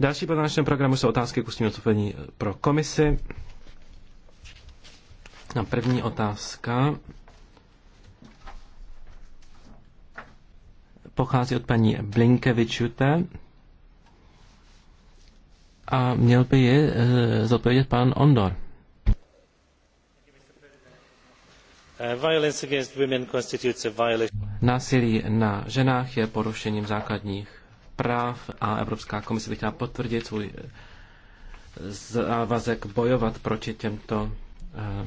Další bod na našem programu jsou otázky k ústnímu odpovědní eh, pro komisi. Na první otázka pochází od paní Blinkevičute a měl by je eh, zodpovědět pan Ondor. Uh, Násilí na ženách je porušením základních práv a Evropská komise by chtěla potvrdit svůj eh, závazek bojovat proti těmto eh,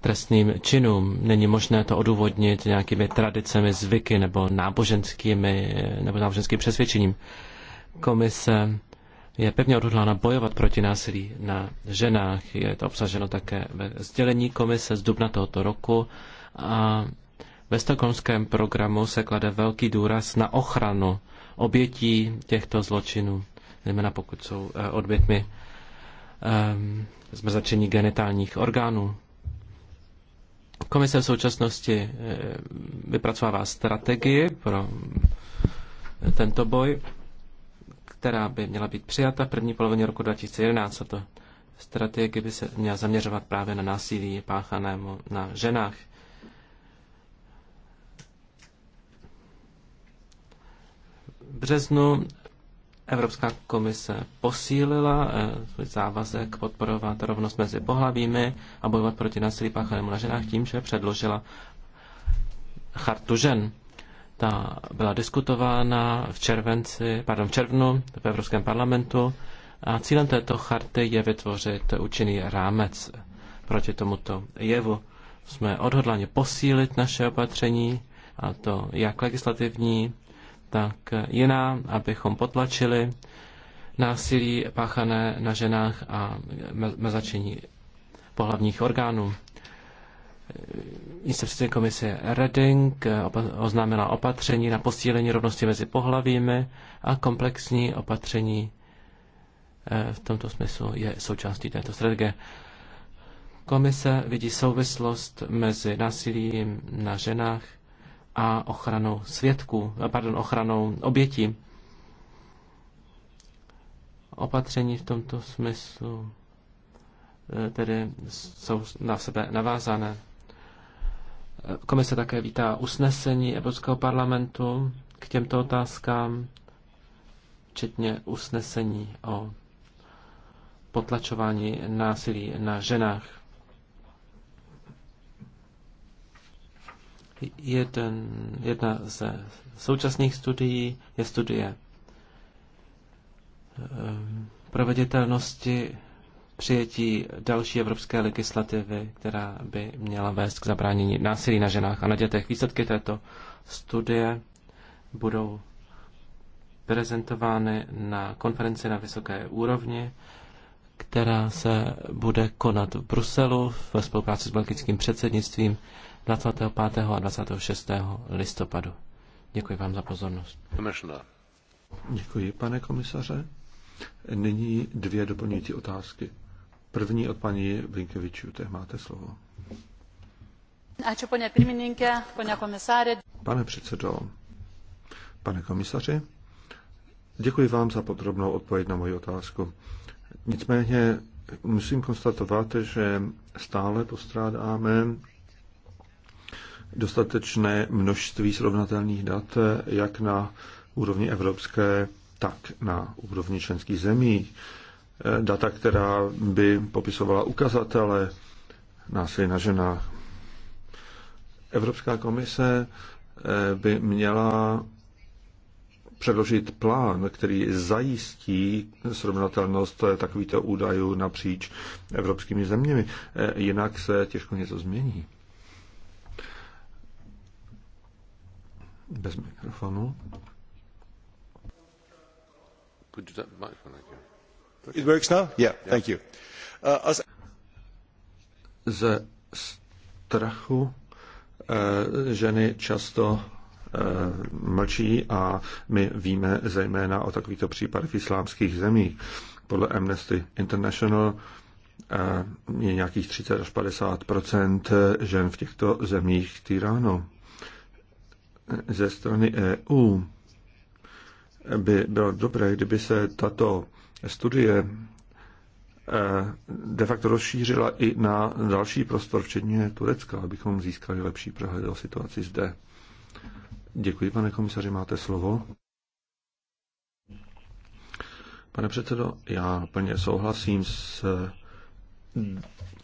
trestným činům. Není možné to odůvodnit nějakými tradicemi, zvyky nebo náboženskými, eh, nebo náboženským přesvědčením. Komise je pevně odhodlána bojovat proti násilí na ženách. Je to obsaženo také ve sdělení komise z dubna tohoto roku a ve stokholmském programu se klade velký důraz na ochranu obětí těchto zločinů, zejména pokud jsou eh, odbětmi eh, zmrzačení genitálních orgánů. Komise v současnosti eh, vypracovává strategii pro tento boj, která by měla být přijata v první polovině roku 2011. A to strategie by se měla zaměřovat právě na násilí páchanému na ženách. březnu Evropská komise posílila eh, svůj závazek podporovat rovnost mezi pohlavími a bojovat proti násilí páchanému na ženách tím, že předložila chartu žen. Ta byla diskutována v, červenci, pardon, v červnu v Evropském parlamentu a cílem této charty je vytvořit účinný rámec proti tomuto jevu. Jsme odhodláni posílit naše opatření, a to jak legislativní, tak jiná, abychom potlačili násilí páchané na ženách a mezačení pohlavních orgánů. Místopředsedkyně komise Reding oznámila opatření na posílení rovnosti mezi pohlavími a komplexní opatření eh, v tomto smyslu je součástí této strategie. Komise vidí souvislost mezi násilím na ženách a ochranou svědků, pardon, ochranou oběti, Opatření v tomto smyslu e, tedy jsou na sebe navázané. Komise také vítá usnesení Evropského parlamentu k těmto otázkám, včetně usnesení o potlačování násilí na ženách. Jeden, jedna ze současných studií je studie ehm, proveditelnosti přijetí další evropské legislativy, která by měla vést k zabránění násilí na ženách a na dětech. Výsledky této studie budou prezentovány na konferenci na vysoké úrovni, která se bude konat v Bruselu ve spolupráci s belgickým předsednictvím 25. a 26. listopadu. Děkuji vám za pozornost. Děkuji, pane komisaře. Nyní dvě doplňující otázky. První od paní Blinkevičů, té máte slovo. Pane předsedo, pane komisaři, děkuji vám za podrobnou odpověď na moji otázku. Nicméně musím konstatovat, že stále postrádáme dostatečné množství srovnatelných dat jak na úrovni evropské, tak na úrovni členských zemí. Data, která by popisovala ukazatele násilí na ženách. Evropská komise eh, by měla předložit plán, který zajistí srovnatelnost takovýchto údajů napříč evropskými zeměmi. Eh, jinak se těžko něco změní. Bez mikrofonu. microphone again? It works now? Yeah, thank you. Uh, as... Ze strachu uh, ženy často uh, mlčí a my víme zejména o takovýchto případech v islámských zemích. Podle Amnesty International uh, je nějakých 30 až 50 žen v těchto zemích týráno ze strany EU by bylo dobré, kdyby se tato studie e, de facto rozšířila i na další prostor, včetně Turecka, abychom získali lepší přehled o situaci zde. Děkuji, pane komisaři, máte slovo. Pane předsedo, já plně souhlasím s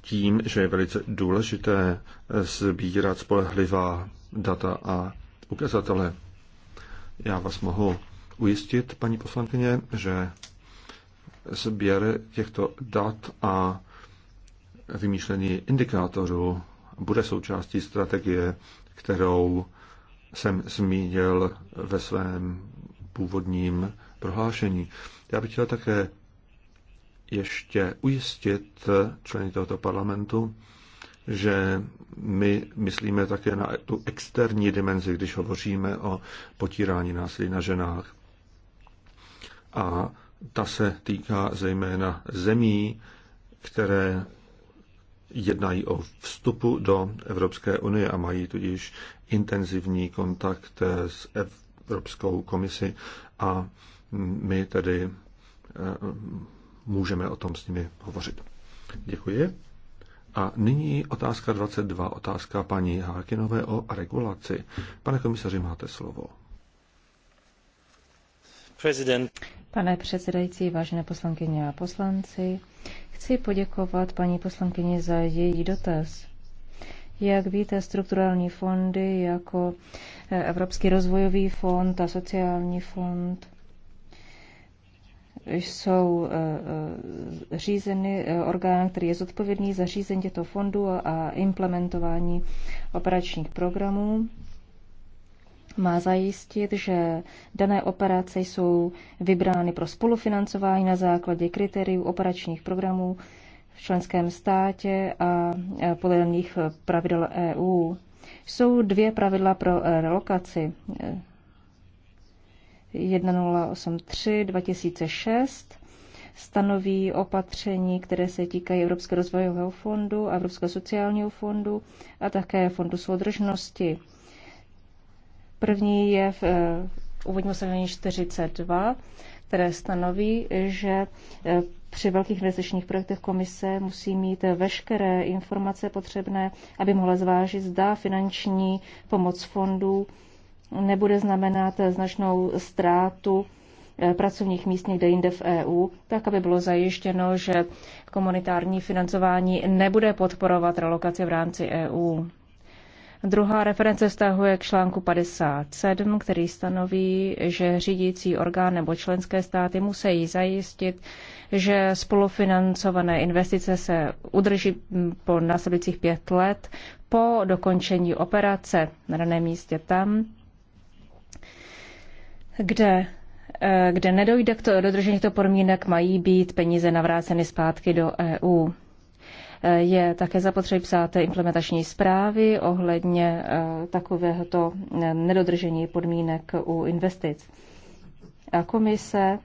tím, že je velice důležité sbírat spolehlivá data a ukazatele. Já vás mohu ujistit, paní poslankyně, že sběr těchto dat a vymýšlení indikátorů bude součástí strategie, kterou jsem zmínil ve svém původním prohlášení. Já bych chtěl také ještě ujistit členy tohoto parlamentu, že my myslíme také na tu externí dimenzi, když hovoříme o potírání násilí na ženách. A ta se týká zejména zemí, které jednají o vstupu do Evropské unie a mají tudíž intenzivní kontakt s Evropskou komisi a my tedy eh, můžeme o tom s nimi hovořit. Děkuji. A nyní otázka 22, otázka paní Hákinové o regulaci. Pane komisaři, máte slovo. President. Pane předsedající, vážené poslankyně a poslanci, chci poděkovat paní poslankyni za její dotaz. Jak víte, strukturální fondy jako Evropský rozvojový fond a sociální fond jsou eh, eh, řízeny eh, orgán, který je zodpovědný za řízení těchto fondů a implementování operačních programů. Má zajistit, že dané operace jsou vybrány pro spolufinancování na základě kritérií operačních programů v členském státě a podle daných pravidel EU. Jsou dvě pravidla pro relokaci 1083 2006 stanoví opatření, které se týkají Evropského rozvojového fondu, Evropského sociálního fondu a také fondu soudržnosti. První je v eh, úvodním ustanovení 42, které stanoví, že eh, při velkých investičních projektech komise musí mít veškeré informace potřebné, aby mohla zvážit, zda finanční pomoc fondů nebude znamenat značnou ztrátu eh, pracovních míst někde jinde v EU, tak aby bylo zajištěno, že komunitární financování nebude podporovat relokaci v rámci EU. Druhá reference vztahuje k článku 57, který stanoví, že řídící orgán nebo členské státy musí zajistit, že spolufinancované investice se udrží mm, po následujících pět let po dokončení operace na daném místě tam, kde eh, kde nedojde k to, dodržení těchto podmínek, mají být peníze navráceny zpátky do EU. Eh, je také zapotřebí psát implementační zprávy ohledně eh, takovéhoto nedodržení podmínek u investic. A komise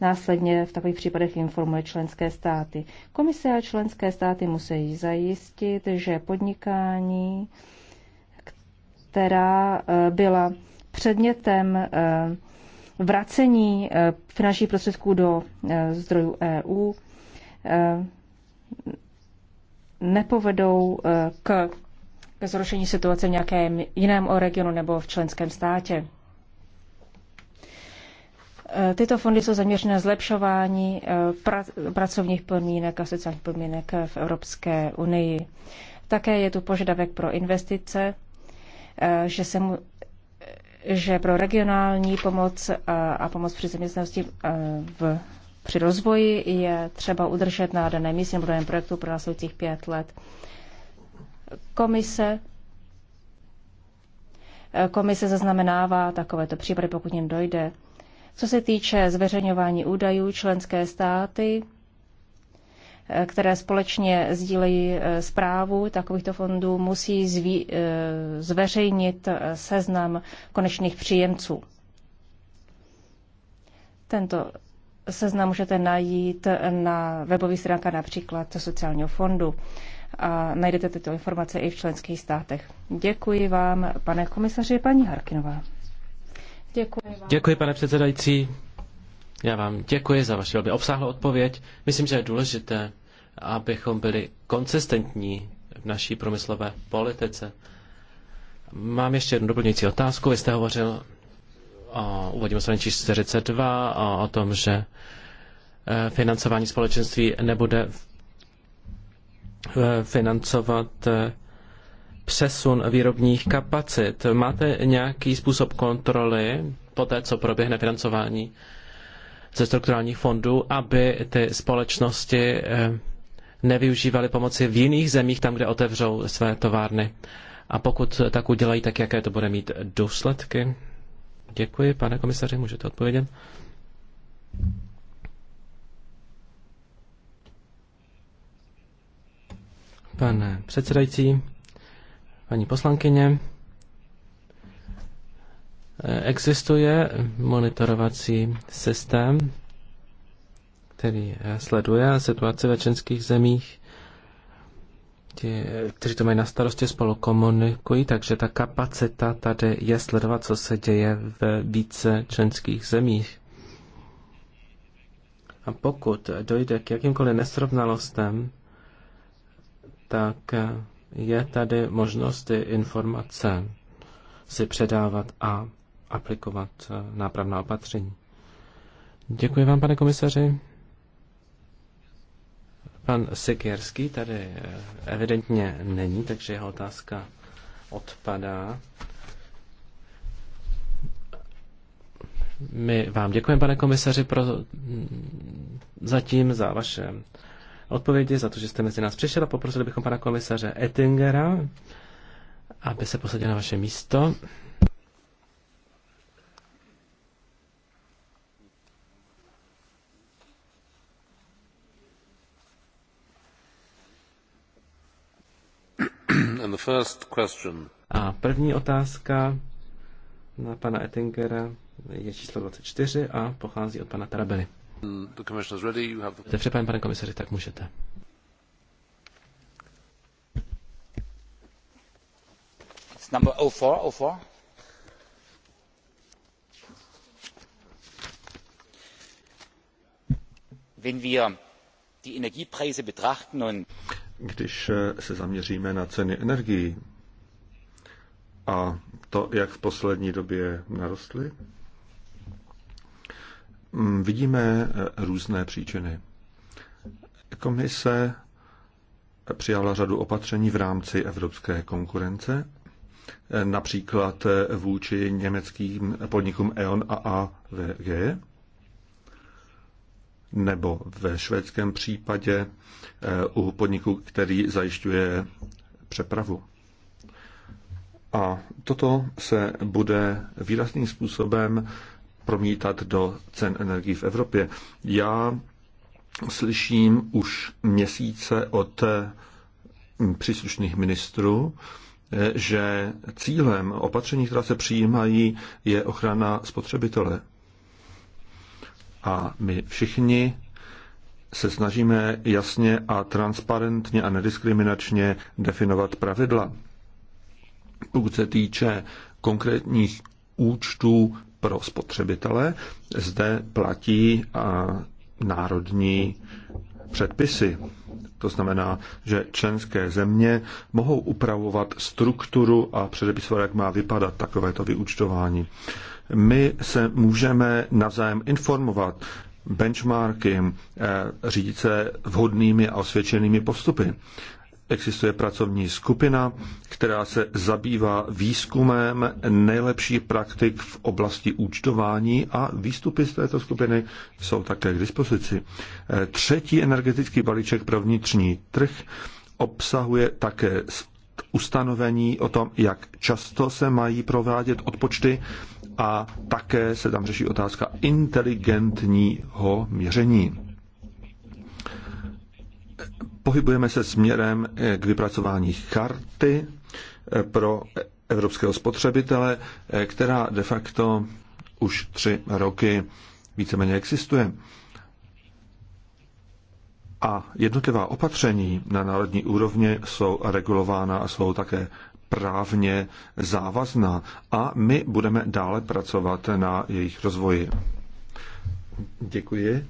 následně v takových případech informuje členské státy. Komise a členské státy musí zajistit, že podnikání, která byla předmětem eh, vracení eh, finančních prostředků do eh, zdrojů EU nepovedou k zhoršení situace v nějakém jiném regionu nebo v členském státě. Tyto fondy jsou zaměřené na zlepšování pra- pracovních podmínek a sociálních podmínek v Evropské unii. Také je tu požadavek pro investice, že se mu že pro regionální pomoc a pomoc při zaměstnanosti v, při rozvoji je třeba udržet na daném místě nebo daném projektu pro následujících pět let. Komise Komise zaznamenává takovéto případy, pokud jim dojde. Co se týče zveřejňování údajů, členské státy které společně sdílejí eh, zprávu takovýchto fondů, musí zví, eh, zveřejnit eh, seznam konečných příjemců. Tento seznam můžete najít na webových stránkách například sociálního fondu a najdete tyto informace i v členských státech. Děkuji vám, pane komisaři, paní Harkinová. Děkuji, vám. Děkuji pane předsedající. Já vám děkuji za vaši velmi obsáhlou odpověď. Myslím, že je důležité, abychom byli konsistentní v naší průmyslové politice. Mám ještě jednu doplňující otázku. Vy jste hovořil o úvodním straně 42, o, o tom, že eh, financování společenství nebude financovat eh, přesun výrobních kapacit. Máte nějaký způsob kontroly po té, co proběhne financování ze strukturálních fondů, aby ty společnosti eh, nevyužívaly pomoci v jiných zemích, tam, kde otevřou své továrny. A pokud tak udělají, tak jaké to bude mít důsledky? Děkuji, pane komisaři, můžete odpovědět. Pane předsedající, paní poslankyně, Existuje monitorovací systém, který sleduje situaci ve čenských zemích. Ti, kteří to mají na starosti, spolu komunikují, takže ta kapacita tady je sledovat, co se děje v více členských zemích. A pokud dojde k jakýmkoliv nesrovnalostem, tak je tady možnost ty informace si předávat a aplikovat eh, nápravná opatření. Děkuji vám, pane komisaři. Pan Sikierský tady eh, evidentně není, takže jeho otázka odpadá. My vám děkujeme, pane komisaři, pro mm, zatím za vaše odpovědi, za to, že jste mezi nás přišel a poprosili bychom pana komisaře Ettingera, aby se posadil na vaše místo. A první otázka na pana Ettingera je číslo 24 a pochází od pana Tarabely. Jste mm, pane komisaři, tak můžete. It's number 04, 04. Wenn wir die Energiepreise betrachten und když eh, se zaměříme na ceny energií a to, jak v poslední době narostly, mm, vidíme eh, různé příčiny. Komise přijala řadu opatření v rámci evropské konkurence, eh, například vůči německým podnikům E.ON a AVG, nebo ve švédském případě eh, u podniku, který zajišťuje přepravu. A toto se bude výrazným způsobem promítat do cen energii v Evropě. Já slyším už měsíce od eh, příslušných ministrů, eh, že cílem opatření, která se přijímají, je ochrana spotřebitele. A my všichni se snažíme jasně a transparentně a nediskriminačně definovat pravidla. Pokud se týče konkrétních účtů pro spotřebitele, zde platí a národní předpisy. To znamená, že členské země mohou upravovat strukturu a předepisovat, jak má vypadat takovéto vyučtování. My se můžeme navzájem informovat, benchmarky, eh, řídit se vhodnými a osvědčenými postupy. Existuje pracovní skupina, která se zabývá výzkumem nejlepších praktik v oblasti účtování a výstupy z této skupiny jsou také k dispozici. Eh, třetí energetický balíček pro vnitřní trh obsahuje také ustanovení o tom, jak často se mají provádět odpočty a také se tam řeší otázka inteligentního měření. Pohybujeme se směrem eh, k vypracování karty eh, pro evropského spotřebitele, eh, která de facto už tři roky víceméně existuje. A jednotlivá opatření na národní úrovni jsou regulována a jsou také právně závazná a my budeme dále pracovat na jejich rozvoji. Děkuji.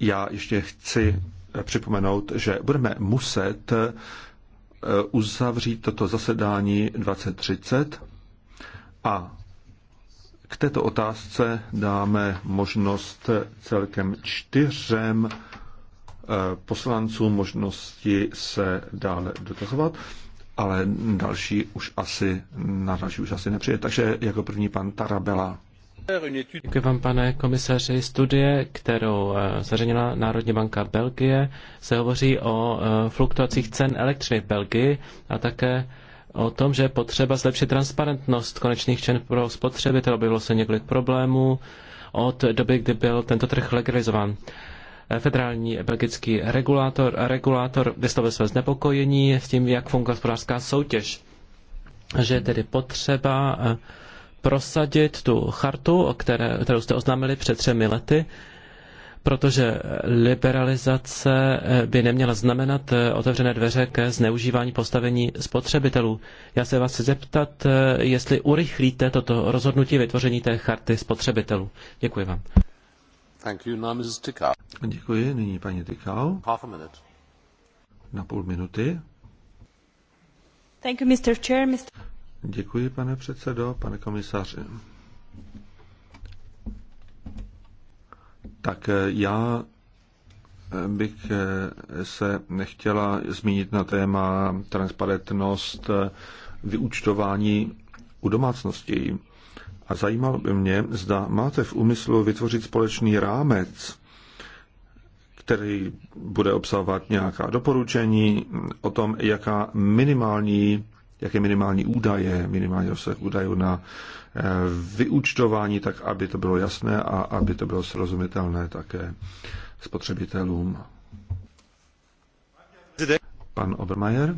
Já ještě chci připomenout, že budeme muset eh, uzavřít toto zasedání 2030 a k této otázce dáme možnost celkem čtyřem eh, poslancům možnosti se dále dotazovat ale další už asi, na další už asi nepřijde. Takže jako první pan Tarabela. Děkuji vám, pane komisaři. Studie, kterou eh, zařadila Národní banka Belgie, se hovoří o eh, fluktuacích cen elektřiny v Belgii a také o tom, že je potřeba zlepšit transparentnost konečných čen pro spotřebitele. Objevilo se několik problémů od doby, kdy byl tento trh legalizován federální belgický regulátor, regulátor vyslovil své znepokojení s tím, jak funguje hospodářská soutěž. Že je tedy potřeba eh, prosadit tu chartu, o které, kterou jste oznámili před třemi lety, protože liberalizace eh, by neměla znamenat eh, otevřené dveře ke zneužívání postavení spotřebitelů. Já se vás chci zeptat, jestli urychlíte toto rozhodnutí vytvoření té charty spotřebitelů. Děkuji vám. Děkuji, nyní paní Na půl minuty. Thank you, Mr. Chair, Mr. Děkuji, pane předsedo, pane komisaři. Tak eh, já eh, bych eh, se nechtěla zmínit na téma transparentnost vyúčtování u domácností. A zajímalo by mě, zda máte v úmyslu vytvořit společný rámec, který bude obsahovat nějaká doporučení o tom, jaká minimální, jaké minimální údaje, minimální rozsah údajů na eh, vyúčtování, tak aby to bylo jasné a aby to bylo srozumitelné také spotřebitelům. Pan Obermajer.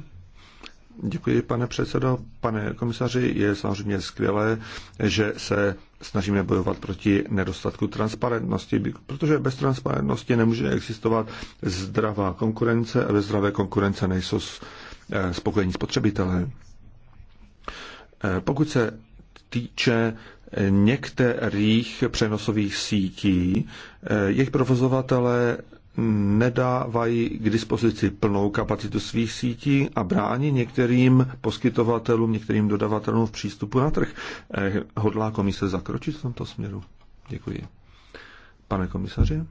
Děkuji, pane předsedo. Pane komisaři, je samozřejmě skvělé, že se snažíme bojovat proti nedostatku transparentnosti, protože bez transparentnosti nemůže existovat zdravá konkurence a bez zdravé konkurence nejsou eh, spokojení spotřebitelé. Eh, pokud se týče eh, některých přenosových sítí, jejich provozovatelé nedávají k dispozici plnou kapacitu svých sítí a brání některým poskytovatelům, některým dodavatelům v přístupu na trh. Eh, hodlá komise zakročit v tomto směru? Děkuji. Pane komisaři?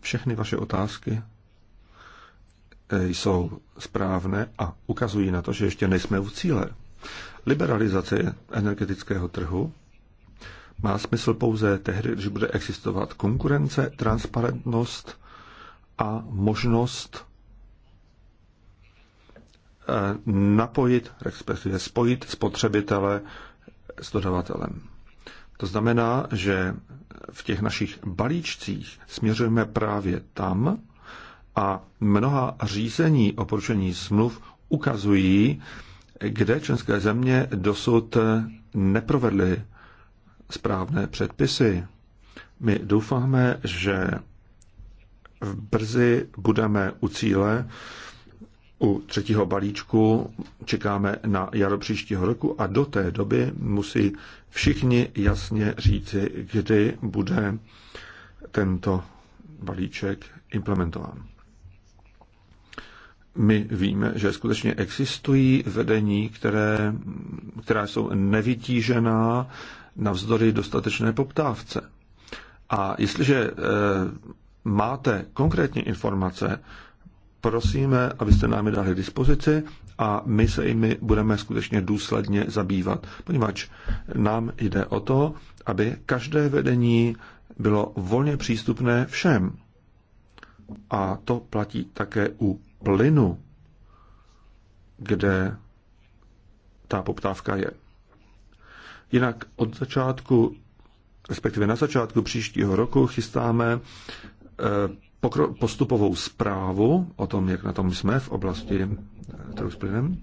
Všechny vaše otázky eh, jsou správné a ukazují na to, že ještě nejsme u cíle. Liberalizace energetického trhu má smysl pouze tehdy, když bude existovat konkurence, transparentnost a možnost eh, napojit, respektive spojit spotřebitele s dodavatelem. To znamená, že v těch našich balíčcích směřujeme právě tam a mnoha řízení o poručení smluv ukazují, kde členské země dosud neprovedly správné předpisy. My doufáme, že v brzy budeme u cíle. U třetího balíčku čekáme na jaro příštího roku a do té doby musí všichni jasně říci, kdy bude tento balíček implementován my víme, že skutečně existují vedení, které, která jsou nevytížená navzdory dostatečné poptávce. A jestliže e, máte konkrétní informace, prosíme, abyste nám je dali k dispozici a my se jimi budeme skutečně důsledně zabývat, poněvadž nám jde o to, aby každé vedení bylo volně přístupné všem. A to platí také u plynu, kde ta poptávka je. Jinak od začátku, respektive na začátku příštího roku chystáme eh, postupovou zprávu o tom, jak na tom jsme v oblasti eh, trhu s plynem,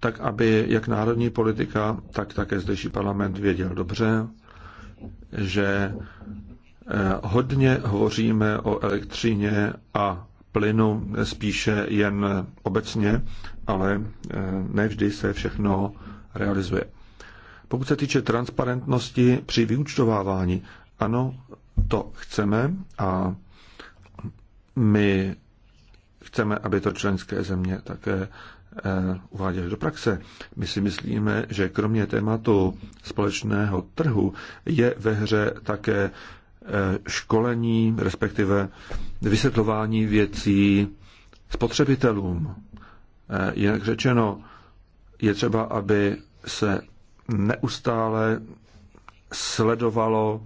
tak aby jak národní politika, tak také zdejší parlament věděl dobře, že eh, hodně hovoříme o elektřině a plynu spíše jen obecně, ale eh, nevždy se všechno realizuje. Pokud se týče transparentnosti při vyučtovávání, ano, to chceme a my chceme, aby to členské země také eh, uváděli do praxe. My si myslíme, že kromě tématu společného trhu je ve hře také Eh, školení, respektive vysvětlování věcí spotřebitelům. Eh, jak řečeno, je třeba, aby se neustále sledovalo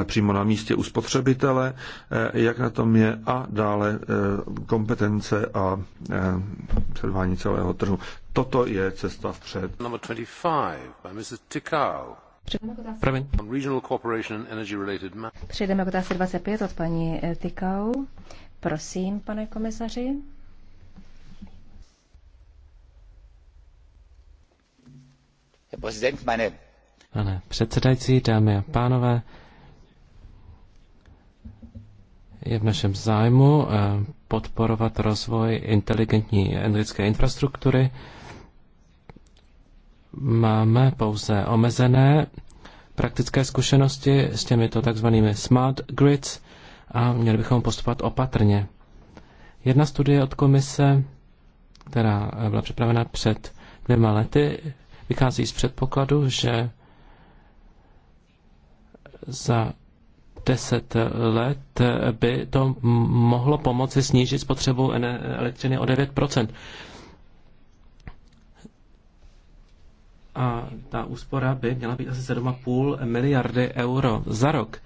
eh, přímo na místě u spotřebitele, jak na tom je a dále kompetence a sledování celého trhu. Toto je cesta vpřed. Number 25 by Mrs. Přejdeme k otázce 25 od paní eh, Tykau. Prosím, pane komisaři. Pane předsedající, dámy a pánové, je v našem zájmu eh, podporovat rozvoj inteligentní energetické infrastruktury máme pouze omezené praktické zkušenosti s těmito takzvanými smart grids a měli bychom postupovat opatrně. Jedna studie od komise, která byla připravena před dvěma lety, vychází z předpokladu, že za deset let by to mohlo pomoci snížit spotřebu elektřiny o 9 a ta úspora by měla být asi 7,5 miliardy euro za rok.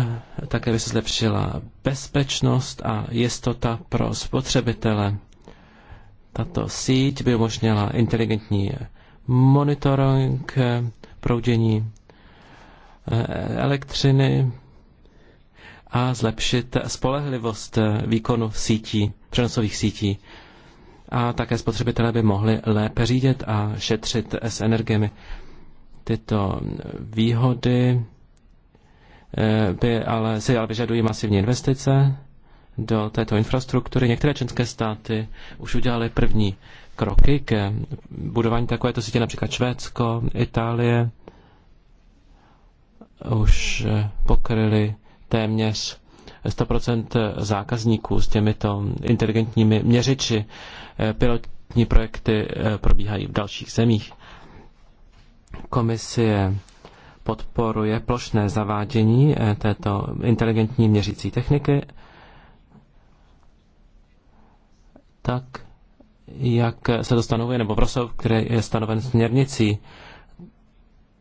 Eh, také by se zlepšila bezpečnost a jistota pro spotřebitele. Tato síť by umožnila inteligentní monitoring eh, proudění eh, elektřiny a zlepšit spolehlivost výkonu sítí, přenosových sítí a také spotřebitelé by mohli lépe řídit a šetřit s energiemi. Tyto výhody eh, by ale, si ale vyžadují masivní investice do této infrastruktury. Některé členské státy už udělaly první kroky k budování takovéto sítě, například Švédsko, Itálie, už eh, pokryly téměř 100% zákazníků s těmito inteligentními měřiči Eh, pilotní projekty eh, probíhají v dalších zemích. Komisie podporuje plošné zavádění eh, této inteligentní měřící techniky, tak jak se to stanovuje, nebo v rozsahu, který je stanoven směrnicí.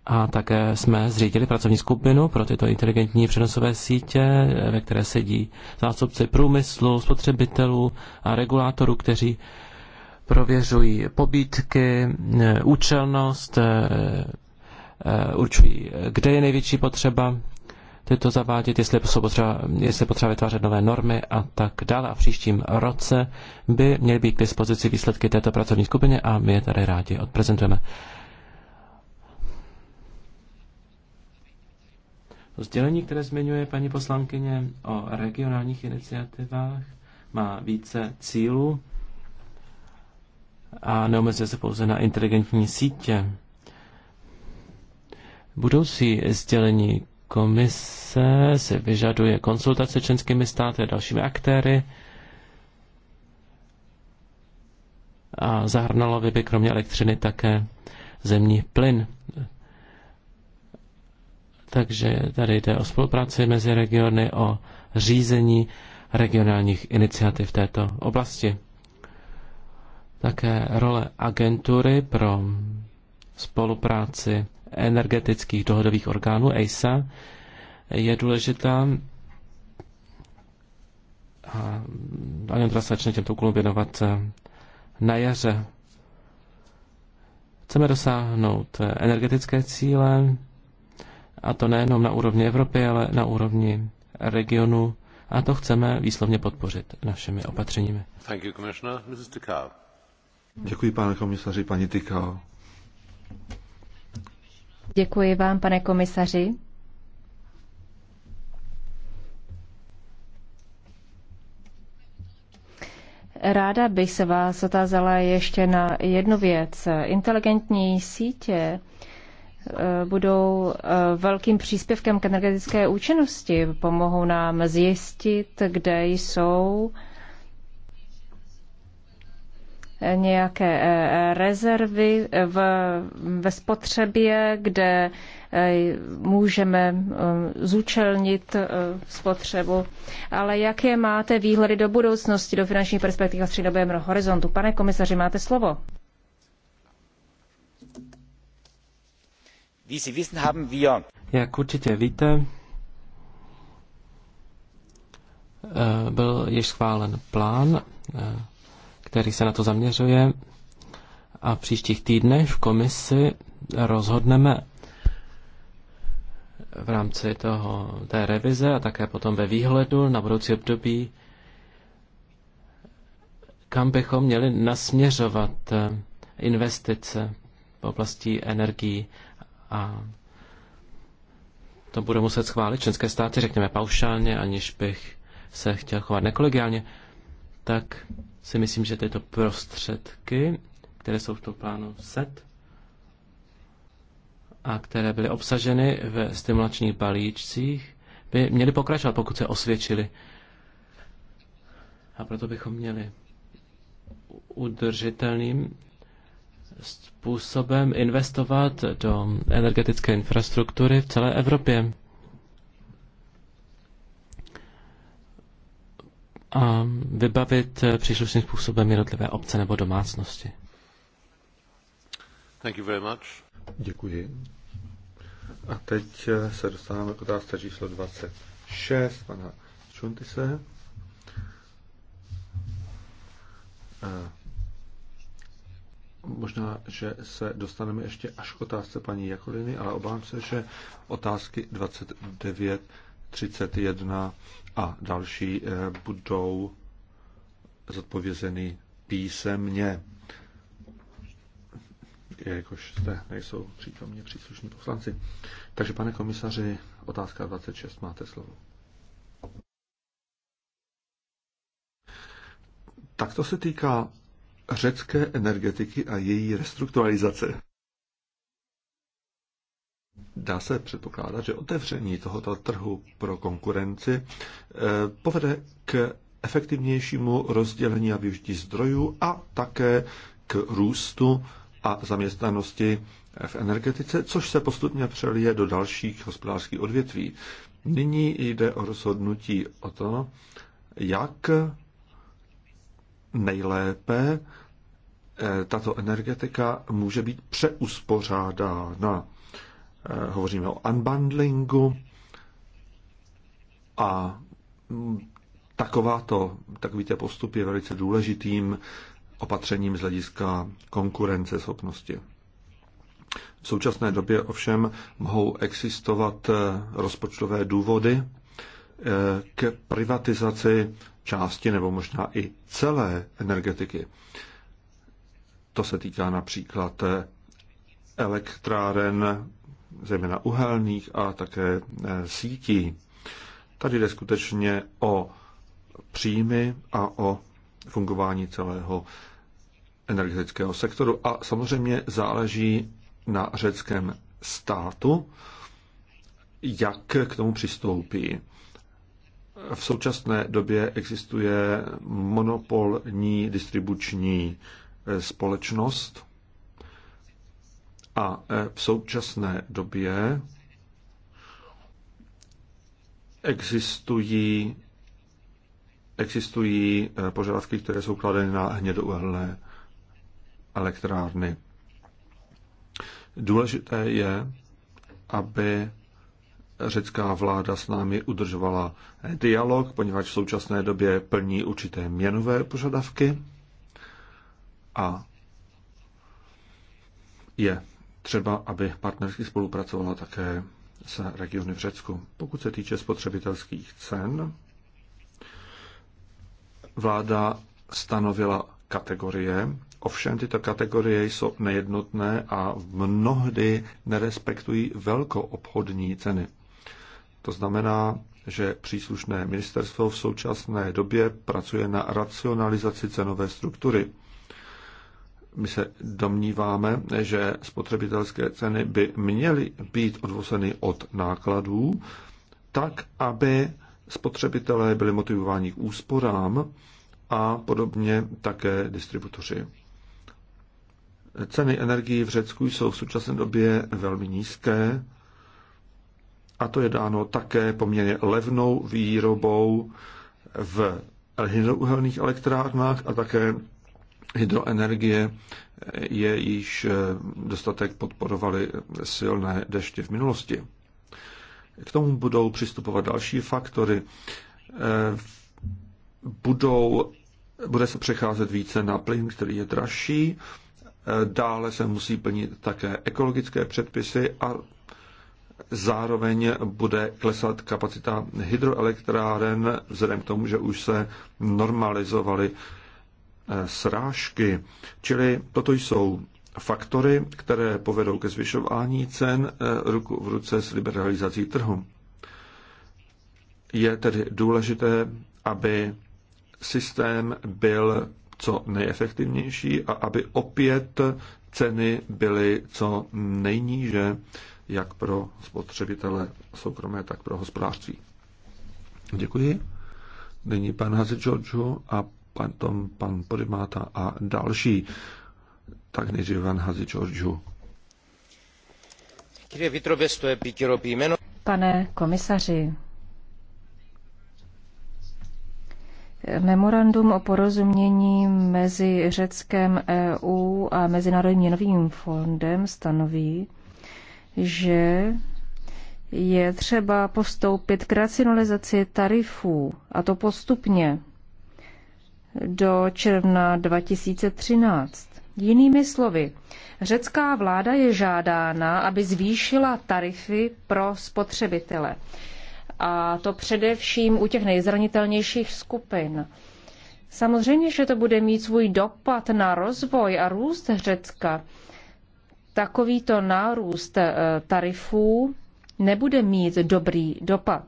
A také jsme zřídili pracovní skupinu pro tyto inteligentní přenosové sítě, ve které sedí zástupci průmyslu, spotřebitelů a regulátorů, kteří prověřují pobítky, e, účelnost, e, e, určují, kde je největší potřeba tyto zavádět, jestli jsou potřeba, jestli potřeba vytvářet nové normy a tak dále. A v příštím roce by měly být k dispozici výsledky této pracovní skupiny a my je tady rádi odprezentujeme. To sdělení, které zmiňuje paní poslankyně o regionálních iniciativách, má více cílů a neomezuje se pouze na inteligentní sítě. Budoucí sdělení komise se vyžaduje konsultace členskými státy a dalšími aktéry a zahrnalo by, by kromě elektřiny také zemní plyn. Takže tady jde o spolupráci mezi regiony, o řízení regionálních iniciativ této oblasti také role agentury pro spolupráci energetických dohodových orgánů EISA je důležitá. A agentura se začne těmto úkolům věnovat eh, na jaře. Chceme dosáhnout eh, energetické cíle, a to nejenom na úrovni Evropy, ale na úrovni regionu a to chceme výslovně podpořit našimi opatřeními. Thank you, Děkuji, pane komisaři, paní Tyka. Děkuji vám, pane komisaři. Ráda bych se vás otázala ještě na jednu věc. Inteligentní sítě eh, budou eh, velkým příspěvkem k energetické účinnosti. Pomohou nám zjistit, kde jsou nějaké eh, rezervy eh, v, ve spotřebě, kde eh, můžeme zúčelnit spotřebu. Ale jaké máte výhledy do budoucnosti, do finanční perspektivy a středobém horizontu? Pane komisaři, máte slovo. Jak určitě víte, byl již schválen plán který se na to zaměřuje a v příštích týdnech v komisi rozhodneme v rámci toho, té revize a také potom ve výhledu na budoucí období, kam bychom měli nasměřovat eh, investice v oblasti energií a to budou muset schválit členské státy, řekněme paušálně, aniž bych se chtěl chovat nekolegiálně, tak si myslím, že tyto prostředky, které jsou v tom plánu SET a které byly obsaženy ve stimulačních balíčcích, by měly pokračovat, pokud se osvědčily. A proto bychom měli udržitelným způsobem investovat do energetické infrastruktury v celé Evropě. a vybavit eh, příslušným způsobem jednotlivé obce nebo domácnosti. Thank you very much. Děkuji. A teď eh, se dostáváme k otázce číslo 26 pana Čuntise. Možná, že se dostaneme ještě až k otázce paní Jakoliny, ale obávám se, že otázky 29, 31 a další eh, budou zodpovězeny písemně, jakož zde nejsou přítomně příslušní poslanci. Takže, pane komisaři, otázka 26, máte slovo. Tak to se týká řecké energetiky a její restrukturalizace. Dá se předpokládat, že otevření tohoto trhu pro konkurenci eh, povede k efektivnějšímu rozdělení a využití zdrojů a také k růstu a zaměstnanosti v energetice, což se postupně přelije do dalších hospodářských odvětví. Nyní jde o rozhodnutí o to, jak nejlépe eh, tato energetika může být přeuspořádána. Eh, hovoříme o unbundlingu a mm, takováto, ten postup je velice důležitým opatřením z hlediska konkurenceschopnosti. V současné době ovšem mohou existovat eh, rozpočtové důvody eh, k privatizaci části nebo možná i celé energetiky. To se týká například elektráren zejména uhelných a také eh, sítí. Tady jde skutečně o příjmy a o fungování celého energetického sektoru a samozřejmě záleží na řeckém státu, jak k tomu přistoupí. V současné době existuje monopolní distribuční eh, společnost, a e, v současné době existují, existují e, požadavky, které jsou kladeny na hnědouhelné elektrárny. Důležité je, aby řecká vláda s námi udržovala dialog, poněvadž v současné době plní určité měnové požadavky a je třeba, aby partnersky spolupracovala také s regiony v Řecku. Pokud se týče spotřebitelských cen, vláda stanovila kategorie, ovšem tyto kategorie jsou nejednotné a mnohdy nerespektují velkoobchodní ceny. To znamená, že příslušné ministerstvo v současné době pracuje na racionalizaci cenové struktury. My se domníváme, že spotřebitelské ceny by měly být odvozeny od nákladů, tak, aby spotřebitelé byli motivováni k úsporám a podobně také distributoři. Ceny energií v Řecku jsou v současné době velmi nízké a to je dáno také poměrně levnou výrobou v hnědouhelných elektrárnách a také hydroenergie je již eh, dostatek podporovaly silné deště v minulosti. K tomu budou přistupovat další faktory. Eh, budou, bude se přecházet více na plyn, který je dražší. Eh, dále se musí plnit také ekologické předpisy a zároveň bude klesat kapacita hydroelektráren vzhledem k tomu, že už se normalizovaly Eh, srážky. Čili toto jsou faktory, které povedou ke zvyšování cen eh, ruku v ruce s liberalizací trhu. Je tedy důležité, aby systém byl co nejefektivnější a aby opět ceny byly co nejníže, jak pro spotřebitele soukromé, tak pro hospodářství. Děkuji. Nyní pan Hazi Giorgio a potom pan Podimáta a další. Tak nejdřív Van Hazi Georgiou. Pane komisaři, Memorandum o porozumění mezi Řeckem EU a Mezinárodním měnovým fondem stanoví, že je třeba postoupit k racionalizaci tarifů, a to postupně do června 2013. Jinými slovy, řecká vláda je žádána, aby zvýšila tarify pro spotřebitele. A to především u těch nejzranitelnějších skupin. Samozřejmě, že to bude mít svůj dopad na rozvoj a růst Řecka. Takovýto nárůst eh, tarifů nebude mít dobrý dopad.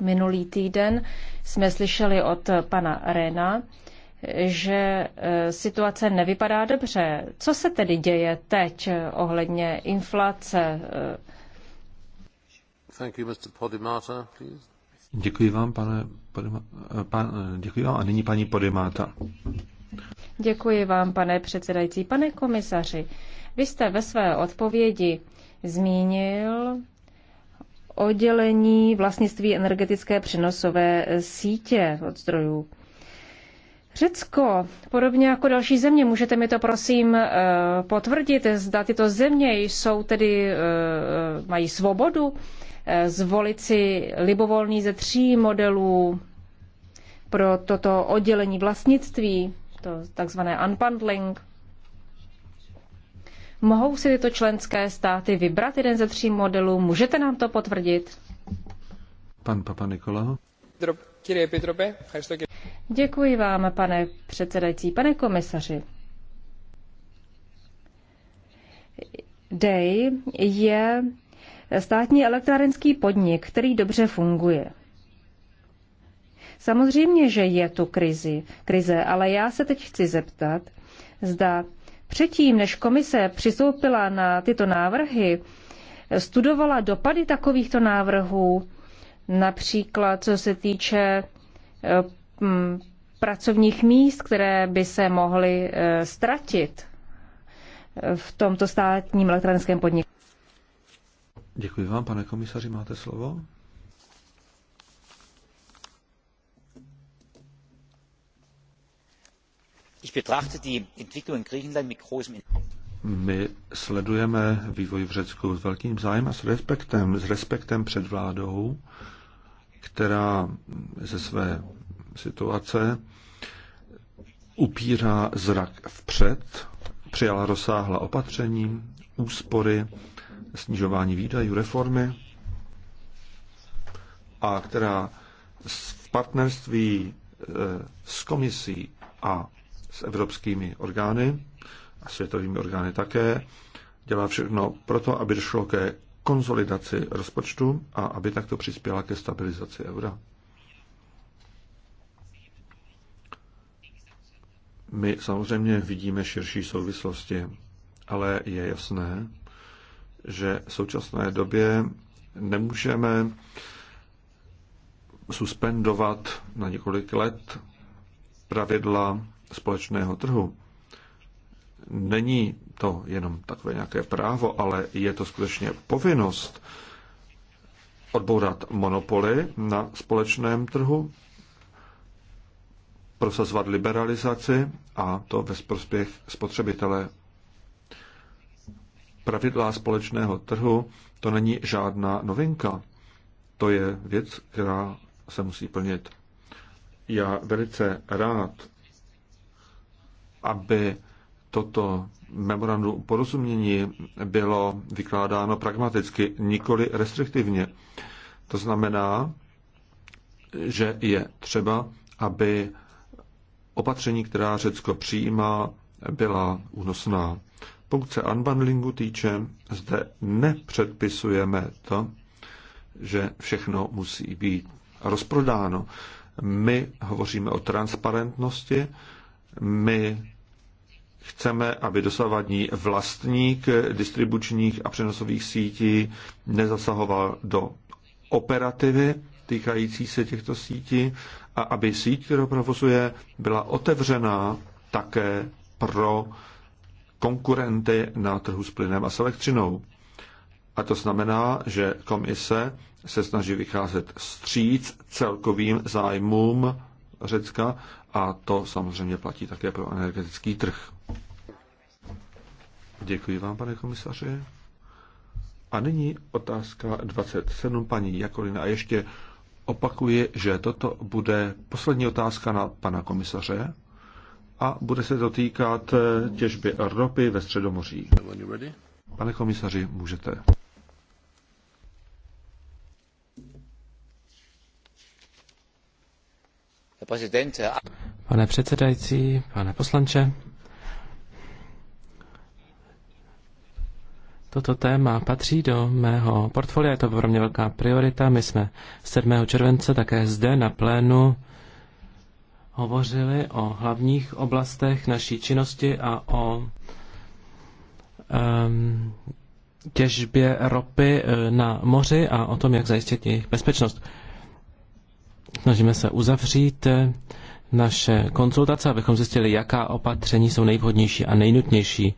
Minulý týden jsme slyšeli od pana Rena, že e, situace nevypadá dobře. Co se tedy děje teď e, ohledně inflace? Thank you, Mr. Podimata, Děkuji vám, pane, podima, e, pan, děkuji vám a nyní paní Podimáta. Děkuji vám, pane předsedající. Pane komisaři, vy jste ve své odpovědi zmínil oddělení vlastnictví energetické přenosové sítě od zdrojů. Řecko, podobně jako další země, můžete mi to prosím eh, potvrdit, zda tyto země jsou tedy, eh, mají svobodu eh, zvolit si libovolný ze tří modelů pro toto oddělení vlastnictví, to takzvané unbundling. Mohou si tyto členské státy vybrat jeden ze tří modelů? Můžete nám to potvrdit? Pan Papa Nikolao. Děkuji vám, pane předsedající, pane komisaři. Dej je státní elektrárenský podnik, který dobře funguje. Samozřejmě, že je tu krizi, krize, ale já se teď chci zeptat, zda Předtím, než komise přistoupila na tyto návrhy, studovala dopady takovýchto návrhů, například co se týče eh, pracovních míst, které by se mohly eh, ztratit eh, v tomto státním elektronickém podniku. Děkuji vám, pane komisaři, máte slovo. ich betrachte die entwicklung in griechenland mit großem my sledujeme vývoj v Řecku s velkým zájmem a s respektem, s respektem před vládou, která ze své situace upírá zrak vpřed, přijala rozsáhla opatření, úspory, snižování výdajů, reformy a která v partnerství eh, s komisí a s evropskými orgány a světovými orgány také. Dělá všechno proto, aby došlo ke konzolidaci rozpočtu a aby takto přispěla ke stabilizaci eura. My samozřejmě vidíme širší souvislosti, ale je jasné, že v současné době nemůžeme suspendovat na několik let pravidla společného trhu, není to jenom takové nějaké právo, ale je to skutečně povinnost odbourat monopoly na společném trhu, prosazovat liberalizaci a to ve prospěch spotřebitele. Pravidla společného trhu to není žádná novinka. To je věc, která se musí plnit. Já velice rád aby toto memorandum porozumění bylo vykládáno pragmaticky, nikoli restriktivně. To znamená, že je třeba, aby opatření, která Řecko přijímá, byla únosná. Pokud se unbundlingu týče, zde nepředpisujeme to, že všechno musí být rozprodáno. My hovoříme o transparentnosti, my chceme, aby dosavadní vlastník distribučních a přenosových sítí nezasahoval do operativy týkající se těchto sítí a aby síť, kterou provozuje, byla otevřená také pro konkurenty na trhu s plynem a s elektřinou. A to znamená, že komise se snaží vycházet stříc celkovým zájmům Řecka a to samozřejmě platí také pro energetický trh. Děkuji vám, pane komisaři. A nyní otázka 27, paní Jakolina. A ještě opakuje, že toto bude poslední otázka na pana komisaře a bude se dotýkat eh, těžby ropy ve Středomoří. Pane komisaři, můžete. Pane předsedající, pane poslanče, Toto téma patří do mého portfolia, je to pro mě velká priorita. My jsme 7. července také zde na plénu hovořili o hlavních oblastech naší činnosti a o um, těžbě ropy eh, na moři a o tom, jak zajistit jejich bezpečnost. Snažíme se uzavřít eh, naše konzultace, abychom zjistili, jaká opatření jsou nejvhodnější a nejnutnější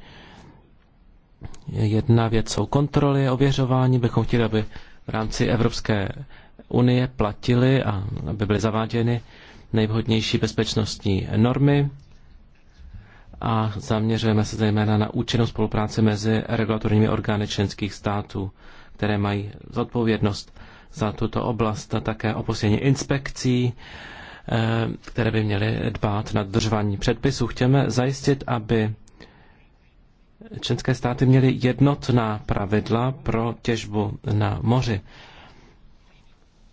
Jedna věc jsou kontroly, ověřování, bychom chtěli, aby v rámci Evropské unie platili a aby byly zaváděny nejvhodnější bezpečnostní normy a zaměřujeme se zejména na účinnou spolupráci mezi regulatorními orgány členských států, které mají zodpovědnost za tuto oblast a také o posílení inspekcí, eh, které by měly dbát na dodržování předpisů. Chceme zajistit, aby členské státy měly jednotná pravidla pro těžbu na moři.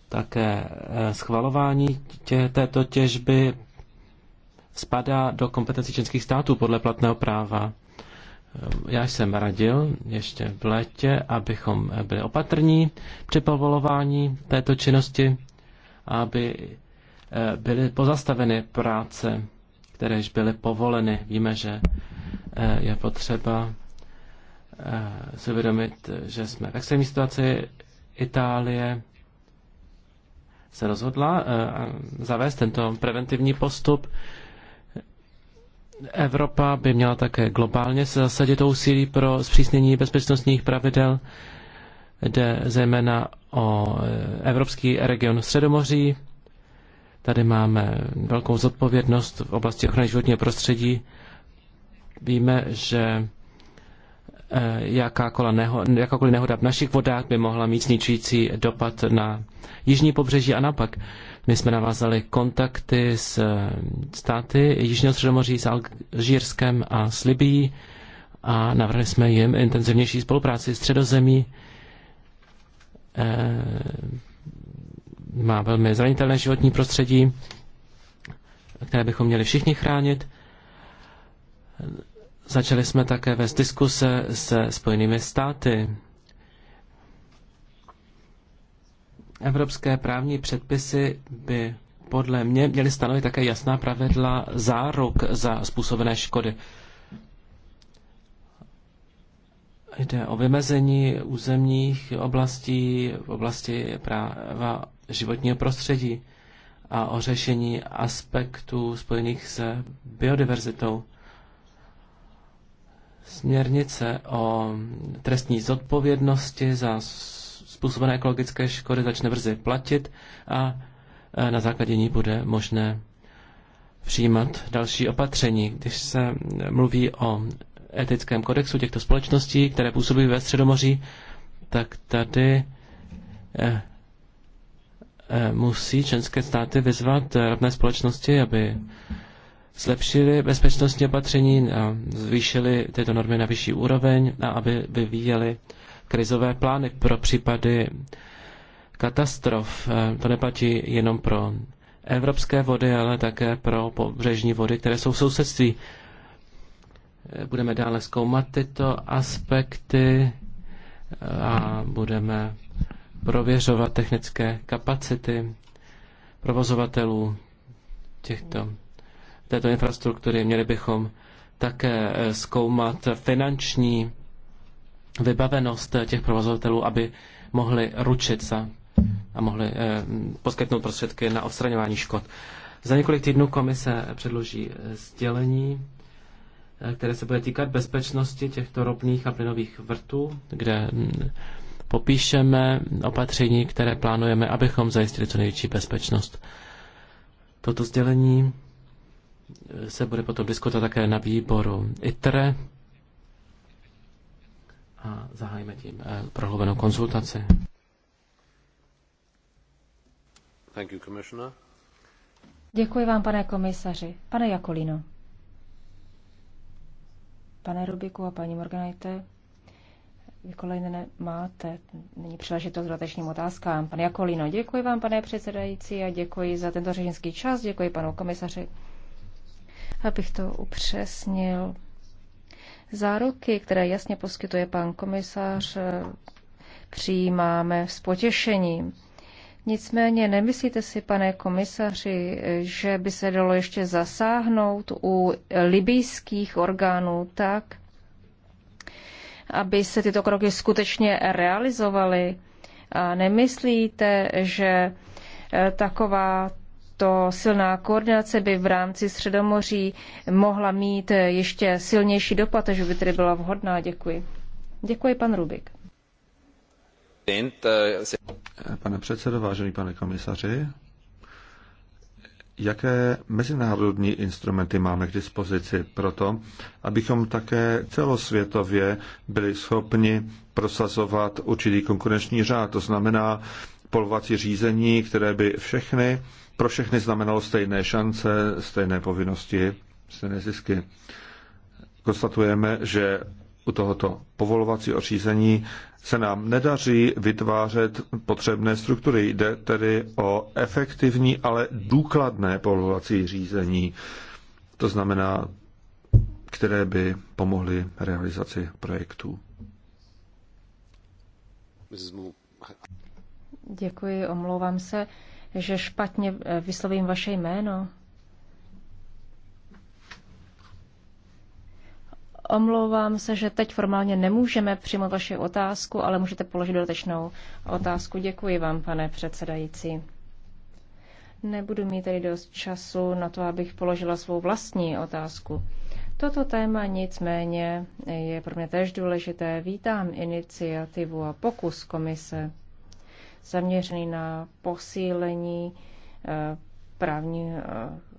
Také eh, schvalování tě, této těžby spadá do kompetencí členských států podle platného práva. Eh, já jsem radil ještě v létě, abychom eh, byli opatrní při povolování této činnosti, aby byly pozastaveny práce, které již byly povoleny. Víme, že Eh, je potřeba eh, si uvědomit, že jsme v extrémní situaci. Itálie se rozhodla eh, zavést tento preventivní postup. Evropa by měla také globálně se zasadit o úsilí pro zpřísnění bezpečnostních pravidel. Jde zejména o Evropský region Středomoří. Tady máme velkou zodpovědnost v oblasti ochrany životního prostředí Víme, že eh, jakákoliv nehoda, jakákoliv nehoda v našich vodách by mohla mít zničující dopad na jižní pobřeží a napak. My jsme navázali kontakty s eh, státy Jižního středomoří, s Alžírskem a s Libií a navrhli jsme jim intenzivnější spolupráci středozemí. Eh, má velmi zranitelné životní prostředí, které bychom měli všichni chránit. Začali jsme také vést diskuse se Spojenými státy. Evropské právní předpisy by podle mě měly stanovit také jasná pravidla záruk za způsobené škody. Jde o vymezení územních oblastí, v oblasti práva životního prostředí a o řešení aspektů spojených se biodiverzitou. Směrnice o trestní zodpovědnosti za způsobené ekologické škody začne brzy platit a e, na základě ní bude možné přijímat další opatření. Když se mluví o etickém kodexu těchto společností, které působí ve Středomoří, tak tady e, e, musí členské státy vyzvat rovné společnosti, aby zlepšili bezpečnostní opatření a zvýšili tyto normy na vyšší úroveň a aby vyvíjeli krizové plány pro případy katastrof. Eh, to neplatí jenom pro evropské vody, ale také pro pobřežní vody, které jsou v sousedství. Eh, budeme dále zkoumat tyto aspekty eh, a budeme prověřovat technické kapacity provozovatelů těchto této infrastruktury. Měli bychom také eh, zkoumat finanční vybavenost eh, těch provozovatelů, aby mohli ručit za a mohli eh, poskytnout prostředky na odstraňování škod. Za několik týdnů komise předloží sdělení, které se bude týkat bezpečnosti těchto ropných a plynových vrtů, kde mm, popíšeme opatření, které plánujeme, abychom zajistili co největší bezpečnost. Toto sdělení se bude potom diskutovat také na výboru ITRE a zahájíme tím eh, prohloubenou konzultaci. Thank you, Děkuji vám, pane komisaři. Pane Jakolino. Pane Rubiku a paní Morganajte, vy kolejné máte. Není příležitost dodatečným otázkám. Pane Jakolino, děkuji vám, pane předsedající, a děkuji za tento řečnický čas. Děkuji panu komisaři abych to upřesnil. Záruky, které jasně poskytuje pan komisář, eh, přijímáme s potěšením. Nicméně nemyslíte si, pane komisaři, že by se dalo ještě zasáhnout u libijských orgánů tak, aby se tyto kroky skutečně realizovaly? A nemyslíte, že eh, taková tato silná koordinace by v rámci Středomoří mohla mít ještě silnější dopad, takže by tedy byla vhodná. Děkuji. Děkuji, pan Rubik. Pane předsedo, vážený pane komisaři, jaké mezinárodní instrumenty máme k dispozici pro to, abychom také celosvětově byli schopni prosazovat určitý konkurenční řád, to znamená polovací řízení, které by všechny pro všechny znamenalo stejné šance, stejné povinnosti, stejné zisky. Konstatujeme, že u tohoto povolovacího řízení se nám nedaří vytvářet potřebné struktury. Jde tedy o efektivní, ale důkladné povolovací řízení. To znamená, které by pomohly realizaci projektů. Děkuji, omlouvám se že špatně eh, vyslovím vaše jméno. Omlouvám se, že teď formálně nemůžeme přijmout vaši otázku, ale můžete položit dodatečnou otázku. Děkuji vám, pane předsedající. Nebudu mít tedy dost času na to, abych položila svou vlastní otázku. Toto téma nicméně je pro mě též důležité. Vítám iniciativu a pokus komise zaměřený na posílení eh, právní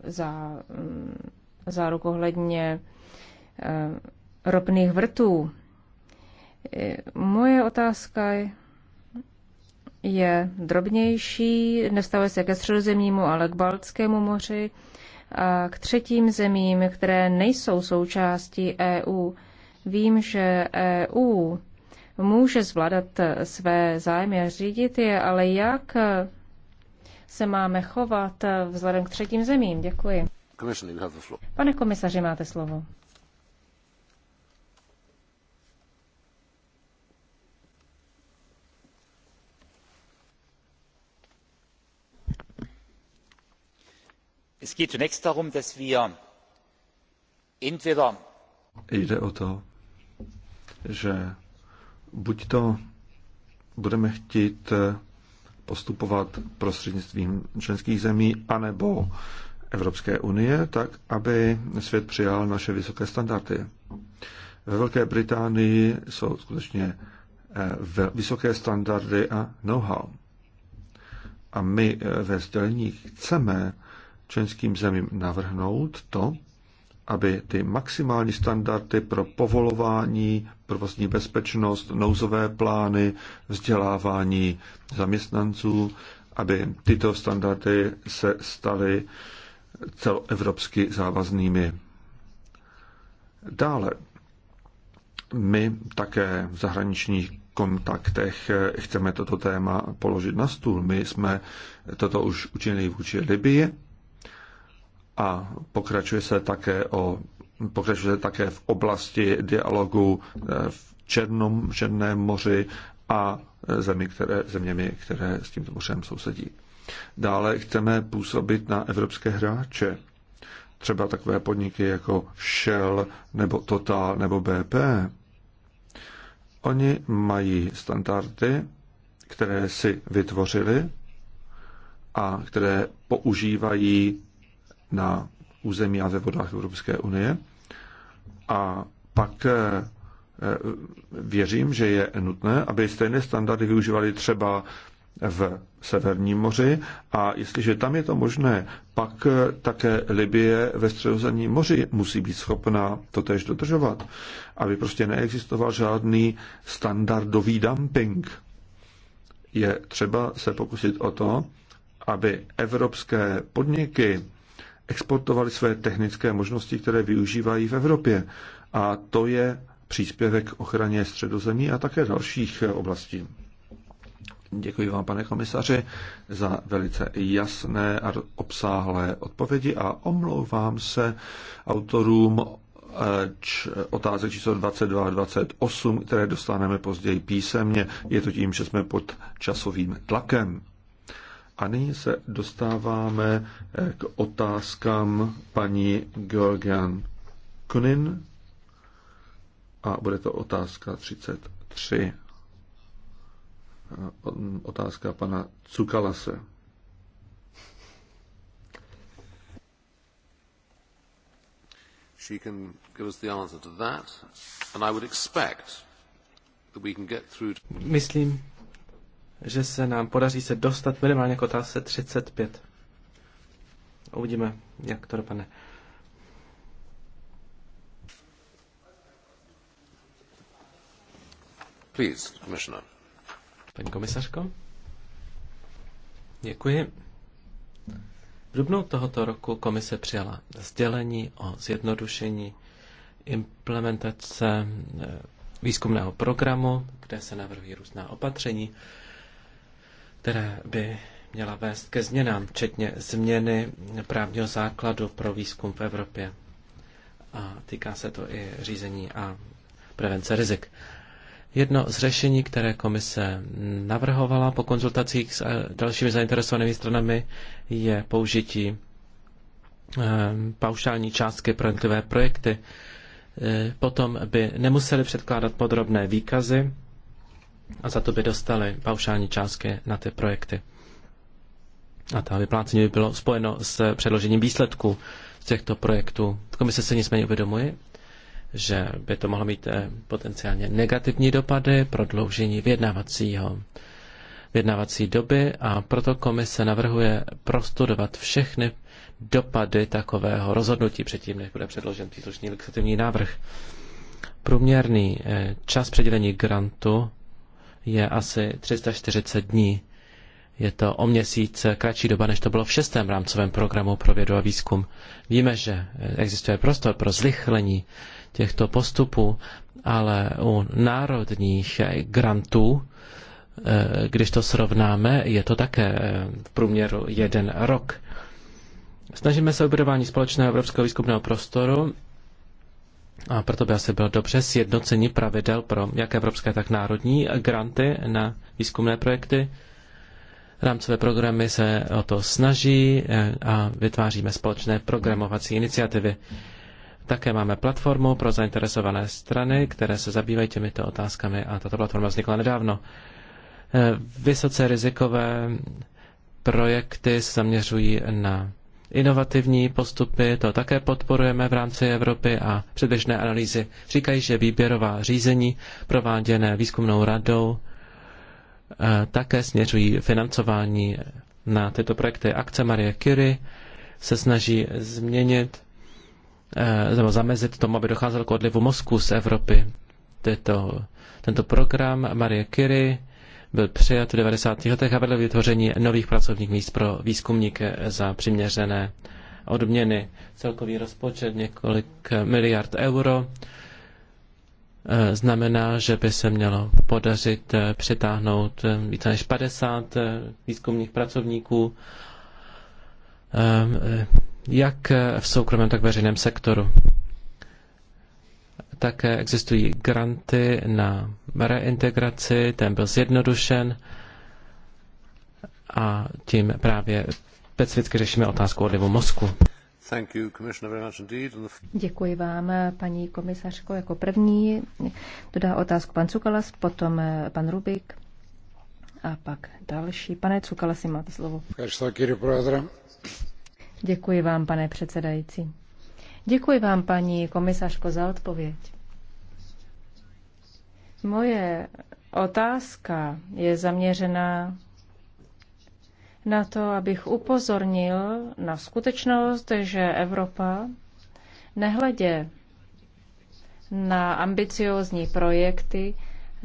za, eh, za mm, rukohledně eh, ropných vrtů. Moje otázka je drobnější, nevstavuje se ke středozemnímu, ale k Baltskému moři a k třetím zemím, které nejsou součástí EU. Vím, že EU může zvládat eh, své zájmy a řídit je, ale jak eh, se máme chovat eh, vzhledem k třetím zemím? Děkuji. Pane komisaři, máte slovo. Jde o to, že Buď to budeme chtít eh, postupovat prostřednictvím členských zemí anebo Evropské unie, tak aby svět přijal naše vysoké standardy. Ve Velké Británii jsou skutečně eh, vysoké standardy a know-how. A my eh, ve sdělení chceme členským zemím navrhnout to, aby ty maximální standardy pro povolování, provozní bezpečnost, nouzové plány, vzdělávání zaměstnanců, aby tyto standardy se staly celoevropsky závaznými. Dále, my také v zahraničních kontaktech chceme toto téma položit na stůl. My jsme toto už učinili vůči Libii, a pokračuje se také, o, pokračuje se také v oblasti dialogu eh, v Černom, Černém moři a eh, zemi, které, zeměmi, které s tímto mořem sousedí. Dále chceme působit na evropské hráče, třeba takové podniky jako Shell nebo Total nebo BP. Oni mají standardy, které si vytvořili a které používají na území a ve vodách Evropské unie. A pak eh, eh, věřím, že je nutné, aby stejné standardy využívali třeba v Severním moři a jestliže tam je to možné, pak eh, také Libie ve středozemním moři musí být schopna to tež dodržovat, aby prostě neexistoval žádný standardový dumping. Je třeba se pokusit o to, aby evropské podniky exportovali své technické možnosti, které využívají v Evropě. A to je příspěvek k ochraně středozemí a také dalších oblastí. Děkuji vám, pane komisaři, za velice jasné a obsáhlé odpovědi a omlouvám se autorům eh, otázek číslo 22 a 28, které dostaneme později písemně. Je to tím, že jsme pod časovým tlakem. A nyní se dostáváme eh, k otázkám paní Georgian Kunin a bude to otázka 33. Eh, otázka pana Cukalase. She can give us the answer to that, and I would expect that we can get through. To... Myslím, že se nám podaří se dostat minimálně k otázce 35. Uvidíme, jak to dopadne. Please, commissioner. Paní komisařko, děkuji. V dubnu tohoto roku komise přijala sdělení o zjednodušení implementace eh, výzkumného programu, kde se navrhují různá opatření které by měla vést ke změnám, včetně změny právního základu pro výzkum v Evropě. A týká se to i řízení a prevence rizik. Jedno z řešení, které komise navrhovala po konzultacích s eh, dalšími zainteresovanými stranami, je použití eh, paušální částky pro jednotlivé projekty. Eh, potom by nemuseli předkládat podrobné výkazy a za to by dostali paušální částky na ty projekty. A ta vyplácení by bylo spojeno s předložením výsledků z těchto projektů. Komise se nicméně uvědomuje, že by to mohlo mít eh, potenciálně negativní dopady, prodloužení vyjednávacího vyjednávací doby a proto komise navrhuje prostudovat všechny dopady takového rozhodnutí předtím, než bude předložen příslušný legislativní návrh. Průměrný eh, čas předělení grantu je asi 340 dní. Je to o měsíc kratší doba, než to bylo v šestém rámcovém programu pro vědu a výzkum. Víme, že existuje prostor pro zlychlení těchto postupů, ale u národních grantů, eh, když to srovnáme, je to také eh, v průměru jeden rok. Snažíme se o budování společného evropského výzkumného prostoru a proto by asi bylo dobře sjednocení pravidel pro jak evropské, tak národní granty na výzkumné projekty. Rámcové programy se o to snaží eh, a vytváříme společné programovací iniciativy. Také máme platformu pro zainteresované strany, které se zabývají těmito otázkami a tato platforma vznikla nedávno. Eh, vysoce rizikové projekty se zaměřují na Inovativní postupy, to také podporujeme v rámci Evropy a předběžné analýzy říkají, že výběrová řízení prováděné výzkumnou radou eh, také směřují financování na tyto projekty. Akce Marie Curie se snaží změnit eh, nebo zamezit tomu, aby docházelo k odlivu mozku z Evropy. tento program Marie Curie byl přijat v 90. letech a vedl vytvoření nových pracovních míst pro výzkumníky za přiměřené odměny. Celkový rozpočet několik miliard euro eh, znamená, že by se mělo podařit eh, přitáhnout eh, více než 50 výzkumných pracovníků, jak v soukromém, tak v veřejném sektoru. Také existují granty na reintegraci, ten byl zjednodušen a tím právě specificky řešíme otázku odlivu mozku. Děkuji vám, paní komisařko. Jako první dodá otázku pan Cukalas, potom eh, pan Rubik a pak další. Pane Cukalasi, máte slovo. Děkuji vám, pane předsedající. Děkuji vám, paní komisařko, za odpověď. Moje otázka je zaměřená na to, abych upozornil na skutečnost, že Evropa nehledě na ambiciózní projekty,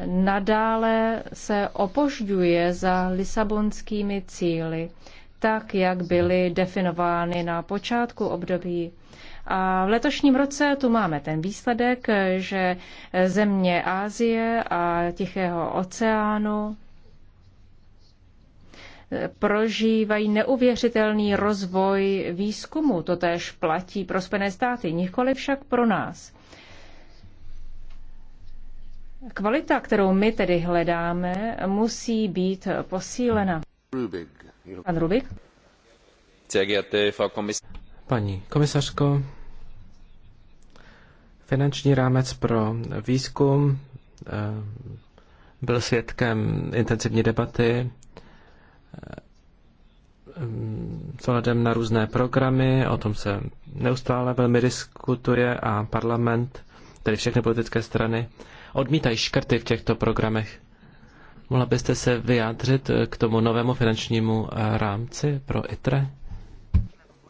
nadále se opožďuje za lisabonskými cíly, tak jak byly definovány na počátku období. A v letošním roce tu máme ten výsledek, že země Ázie a Tichého oceánu prožívají neuvěřitelný rozvoj výzkumu. To též platí pro Spojené státy, nikoli však pro nás. Kvalita, kterou my tedy hledáme, musí být posílena. Rubik. Pan Rubik? Paní komisařko, finanční rámec pro výzkum eh, byl svědkem intenzivní debaty eh, s ohledem na různé programy, o tom se neustále velmi diskutuje a parlament, tedy všechny politické strany, odmítají škrty v těchto programech. Mohla byste se vyjádřit eh, k tomu novému finančnímu rámci pro ITRE?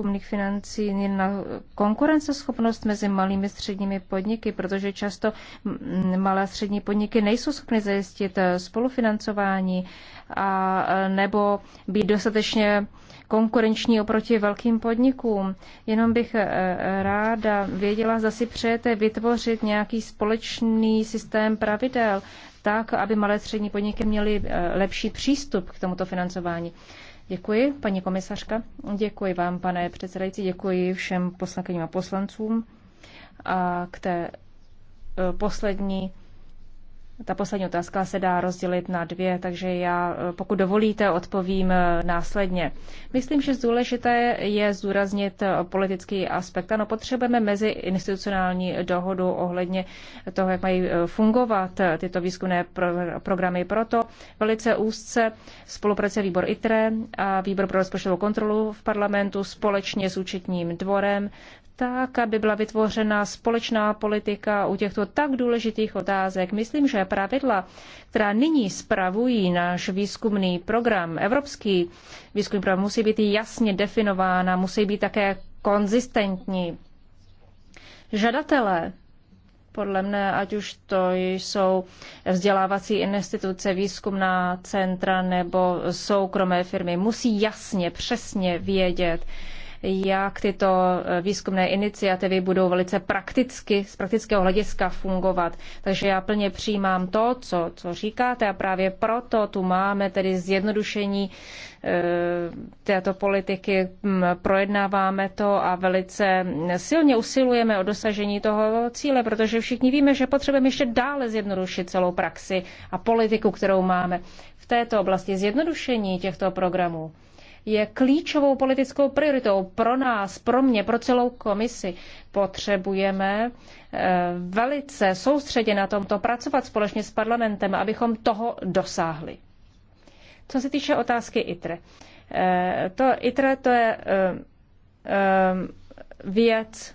výzkumných financí na konkurenceschopnost mezi malými středními podniky, protože často malé střední podniky nejsou schopny zajistit eh, spolufinancování a, eh, nebo být dostatečně konkurenční oproti velkým podnikům. Jenom bych eh, ráda věděla, zda si přejete vytvořit nějaký společný systém pravidel, tak, aby malé střední podniky měly lepší přístup k tomuto financování. Děkuji, paní komisařka. Děkuji vám, pane předsedající. Děkuji všem poslankyním a poslancům. A k té eh, poslední ta poslední otázka se dá rozdělit na dvě, takže já, e, pokud dovolíte, odpovím e, následně. Myslím, že důležité je zúraznit e, politický aspekt. Ano, potřebujeme meziinstitucionální dohodu ohledně toho, jak mají fungovat tyto výzkumné pro, programy. Proto velice úzce spolupracuje výbor ITRE a výbor pro rozpočtovou kontrolu v parlamentu společně s účetním dvorem tak, aby byla vytvořena společná politika u těchto tak důležitých otázek. Myslím, že pravidla, která nyní spravují náš výzkumný program, evropský výzkumný program, musí být jasně definována, musí být také konzistentní. Žadatelé, podle mne, ať už to jsou vzdělávací instituce, výzkumná centra nebo soukromé firmy, musí jasně, přesně vědět, jak tyto eh, výzkumné iniciativy budou velice prakticky, z praktického hlediska fungovat. Takže já plně přijímám to, co, co říkáte a právě proto tu máme tedy zjednodušení eh, této politiky, mm, projednáváme to a velice silně usilujeme o dosažení toho cíle, protože všichni víme, že potřebujeme ještě dále zjednodušit celou praxi a politiku, kterou máme v této oblasti zjednodušení těchto programů je klíčovou politickou prioritou pro nás, pro mě, pro celou komisi. Potřebujeme eh, velice soustředě na tomto pracovat společně s parlamentem, abychom toho dosáhli. Co se týče otázky ITRE. Eh, to ITRE to je eh, věc,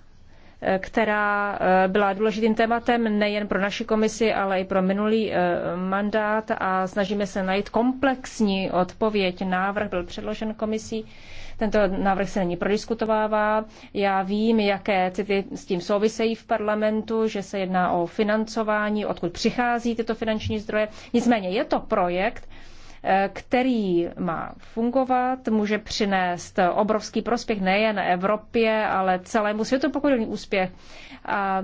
která eh, byla důležitým tématem nejen pro naši komisi, ale i pro minulý eh, mandát a snažíme se najít komplexní odpověď. Návrh byl předložen komisí. Tento návrh se není prodiskutovává. Já vím, jaké city s tím souvisejí v parlamentu, že se jedná o financování, odkud přichází tyto finanční zdroje. Nicméně je to projekt, který má fungovat, může přinést obrovský prospěch nejen Evropě, ale celému světu, pokud úspěch. A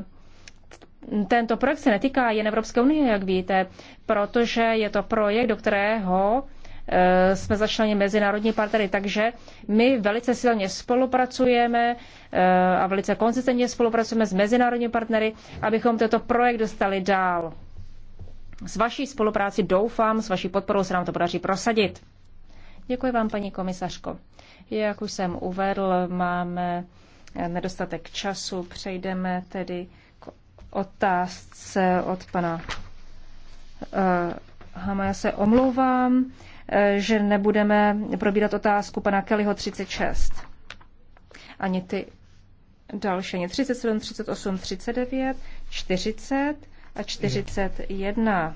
tento projekt se netýká jen Evropské unie, jak víte, protože je to projekt, do kterého eh, jsme začleni mezinárodní partnery, takže my velice silně spolupracujeme eh, a velice konzistentně spolupracujeme s mezinárodními partnery, abychom tento projekt dostali dál s vaší spolupráci doufám, s vaší podporou se nám to podaří prosadit. Děkuji vám, paní komisařko. Jak už jsem uvedl, máme nedostatek času. Přejdeme tedy k otázce od pana eh, Hama. Já se omlouvám, eh, že nebudeme probírat otázku pana Kellyho 36. Ani ty další, ani 37, 38, 39, 40, 41.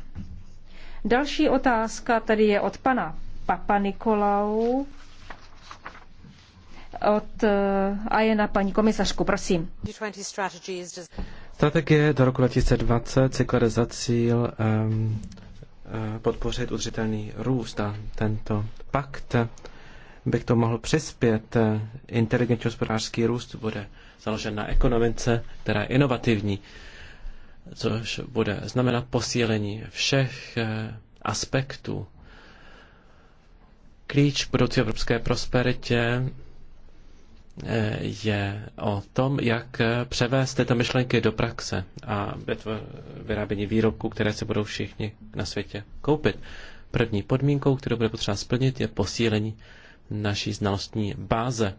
Další otázka tady je od pana Papa Nikolau od eh, a je na paní komisařku, prosím. Strategie do roku 2020 si klade za cíl um, podpořit udržitelný růst a tento pakt by k tomu mohl přispět. Eh, inteligentní hospodářský růst bude založen na ekonomice, která je inovativní což bude znamenat posílení všech eh, aspektů. Klíč k budoucí evropské prosperitě eh, je o tom, jak eh, převést tyto myšlenky do praxe a vyrábění výrobků, které se budou všichni na světě koupit. První podmínkou, kterou bude potřeba splnit, je posílení naší znalostní báze.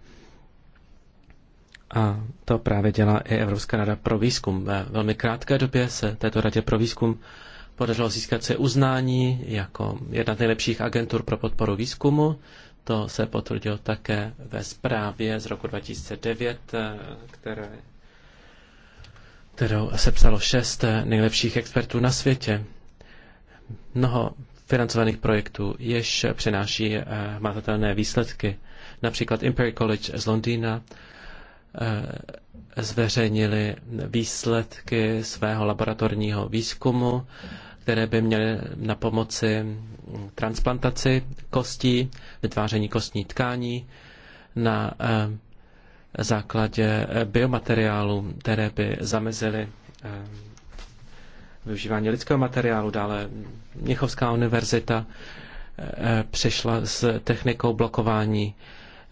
A to právě dělá i Evropská rada pro výzkum. Ve velmi krátké době se této radě pro výzkum podařilo získat se uznání jako jedna z nejlepších agentur pro podporu výzkumu. To se potvrdilo také ve zprávě z roku 2009, eh, které, kterou se psalo šest eh, nejlepších expertů na světě. Mnoho financovaných projektů jež přináší eh, hmatatelné výsledky. Například Imperial College z Londýna Eh, zveřejnili výsledky svého laboratorního výzkumu, které by měly na pomoci transplantaci kostí, vytváření kostní tkání na eh, základě eh, biomateriálu, které by zamezily využívání lidského materiálu. Dále Měchovská univerzita přišla s technikou blokování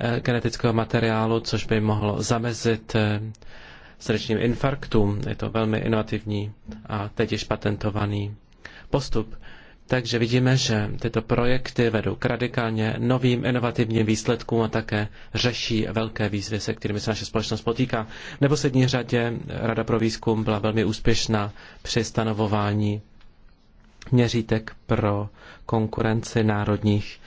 Eh, genetického materiálu, což by mohlo zamezit eh, srdečním infarktům. Je to velmi inovativní a teď již patentovaný postup. Takže vidíme, že tyto projekty vedou k radikálně novým inovativním výsledkům a také řeší velké výzvy, se kterými se naše společnost potýká. V neposlední řadě Rada pro výzkum byla velmi úspěšná při stanovování měřítek pro konkurenci národních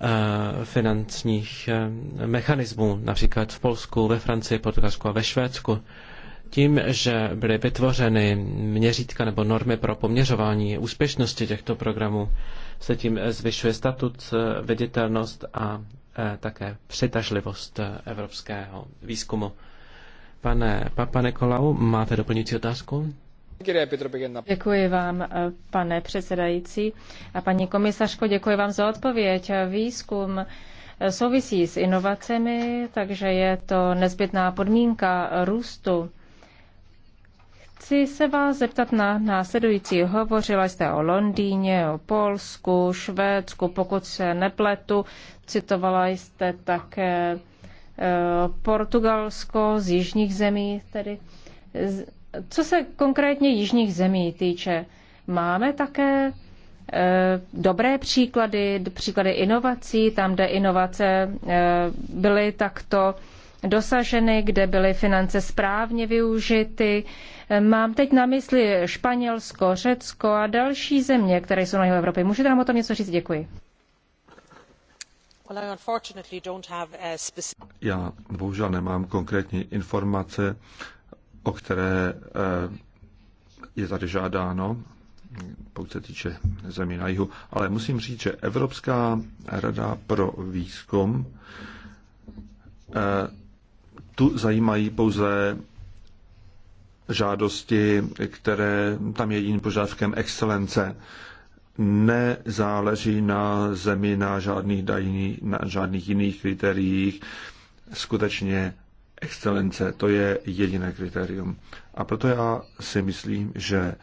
Eh, finančních eh, mechanismů, například v Polsku, ve Francii, Portugalsku a ve Švédsku. Tím, že byly vytvořeny měřítka nebo normy pro poměřování úspěšnosti těchto programů, se tím zvyšuje statut, eh, viditelnost a také přitažlivost evropského výzkumu. Pane Papa Nikolau, máte doplňující otázku? Děkuji vám, eh, pane předsedající. A paní komisařko, děkuji vám za odpověď. Výzkum eh, souvisí s inovacemi, takže je to nezbytná podmínka růstu. Chci se vás zeptat na následující. Hovořila jste o Londýně, o Polsku, Švédsku, pokud se nepletu. Citovala jste také eh, Portugalsko z jižních zemí, tedy co se konkrétně jižních zemí týče, máme také eh, dobré příklady, příklady inovací, tam, kde inovace eh, byly takto dosaženy, kde byly finance správně využity. Eh, mám teď na mysli Španělsko, Řecko a další země, které jsou na jeho Evropě. Můžete nám o tom něco říct? Děkuji. Já bohužel nemám konkrétní informace o které eh, je tady žádáno, pokud se týče zemí na jihu. Ale musím říct, že Evropská rada pro výzkum eh, tu zajímají pouze žádosti, které tam je jediným požadavkem excelence. Nezáleží na zemi, na žádných, dajný, na žádných jiných kritériích. Skutečně excelence, to je jediné kritérium. A proto já si myslím, že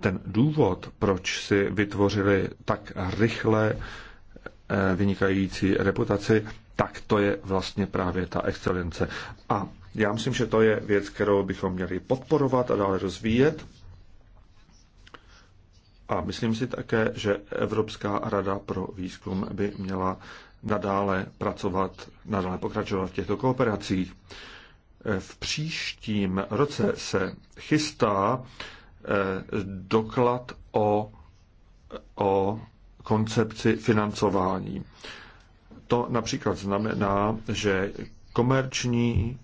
ten důvod, proč si vytvořili tak rychle eh, vynikající reputaci, tak to je vlastně právě ta excelence. A já myslím, že to je věc, kterou bychom měli podporovat a dále rozvíjet. A myslím si také, že Evropská rada pro výzkum by měla nadále pracovat, nadále pokračovat v těchto kooperacích. Eh, v příštím roce se chystá eh, doklad o, o koncepci financování. To například znamená, že komerční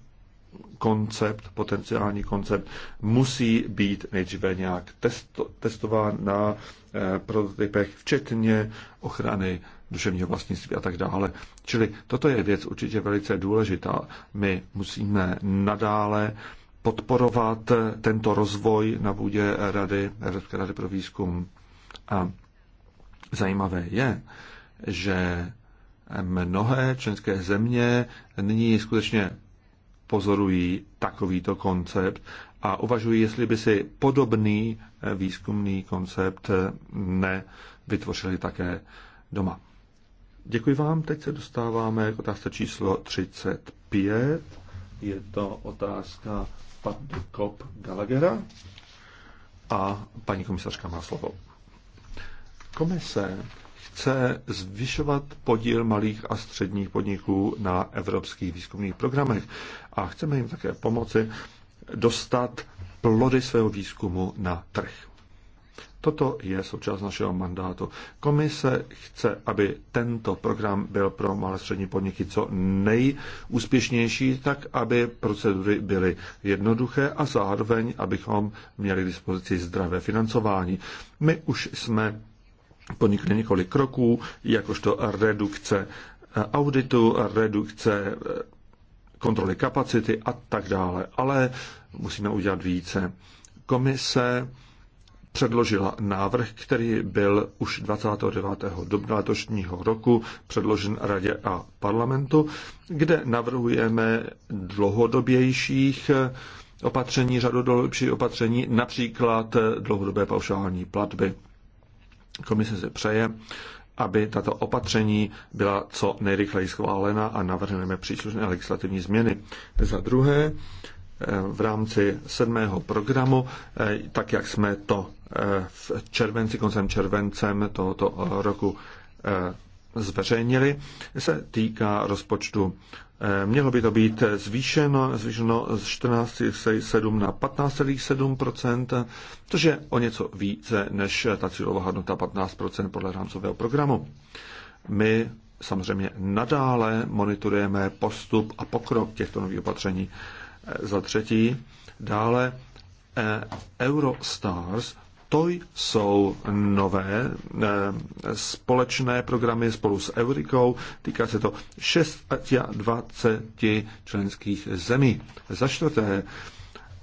koncept, potenciální koncept, musí být nejdříve nějak testo, testován na e, prototypech, včetně ochrany duševního vlastnictví a tak dále. Čili toto je věc určitě velice důležitá. My musíme nadále podporovat tento rozvoj na půdě Rady, Evropské rady pro výzkum. A zajímavé je, že mnohé členské země nyní skutečně pozorují takovýto koncept a uvažují, jestli by si podobný výzkumný koncept nevytvořili také doma. Děkuji vám. Teď se dostáváme k otázce číslo 35. Je to otázka Paddy Kop Gallaghera a paní komisařka má slovo. Komise chce zvyšovat podíl malých a středních podniků na evropských výzkumných programech a chceme jim také pomoci dostat plody svého výzkumu na trh. Toto je součást našeho mandátu. Komise chce, aby tento program byl pro malé střední podniky co nejúspěšnější, tak aby procedury byly jednoduché a zároveň, abychom měli k dispozici zdravé financování. My už jsme podnikli několik kroků, jakožto redukce eh, auditu, redukce eh, kontroly kapacity a tak dále. Ale musíme udělat více. Komise předložila návrh, který byl už 29. dubna letošního roku předložen Radě a parlamentu, kde navrhujeme dlouhodobějších opatření, řadu dlouhodobějších opatření, například dlouhodobé paušální platby. Komise se přeje, aby tato opatření byla co nejrychleji schválena a navrhneme příslušné legislativní změny. Za druhé, v rámci sedmého programu, eh, tak jak jsme to eh, v červenci, koncem červencem tohoto eh, roku zveřejnili, se týká rozpočtu. Mělo by to být zvýšeno, zvýšeno z 14,7 na 15,7 což je o něco více než ta cílová hodnota 15 podle rámcového programu. My samozřejmě nadále monitorujeme postup a pokrok těchto nových opatření. Za třetí, dále eh, Eurostars, to jsou nové eh, společné programy spolu s Eurikou. Týká se to 26 členských zemí. Za čtvrté,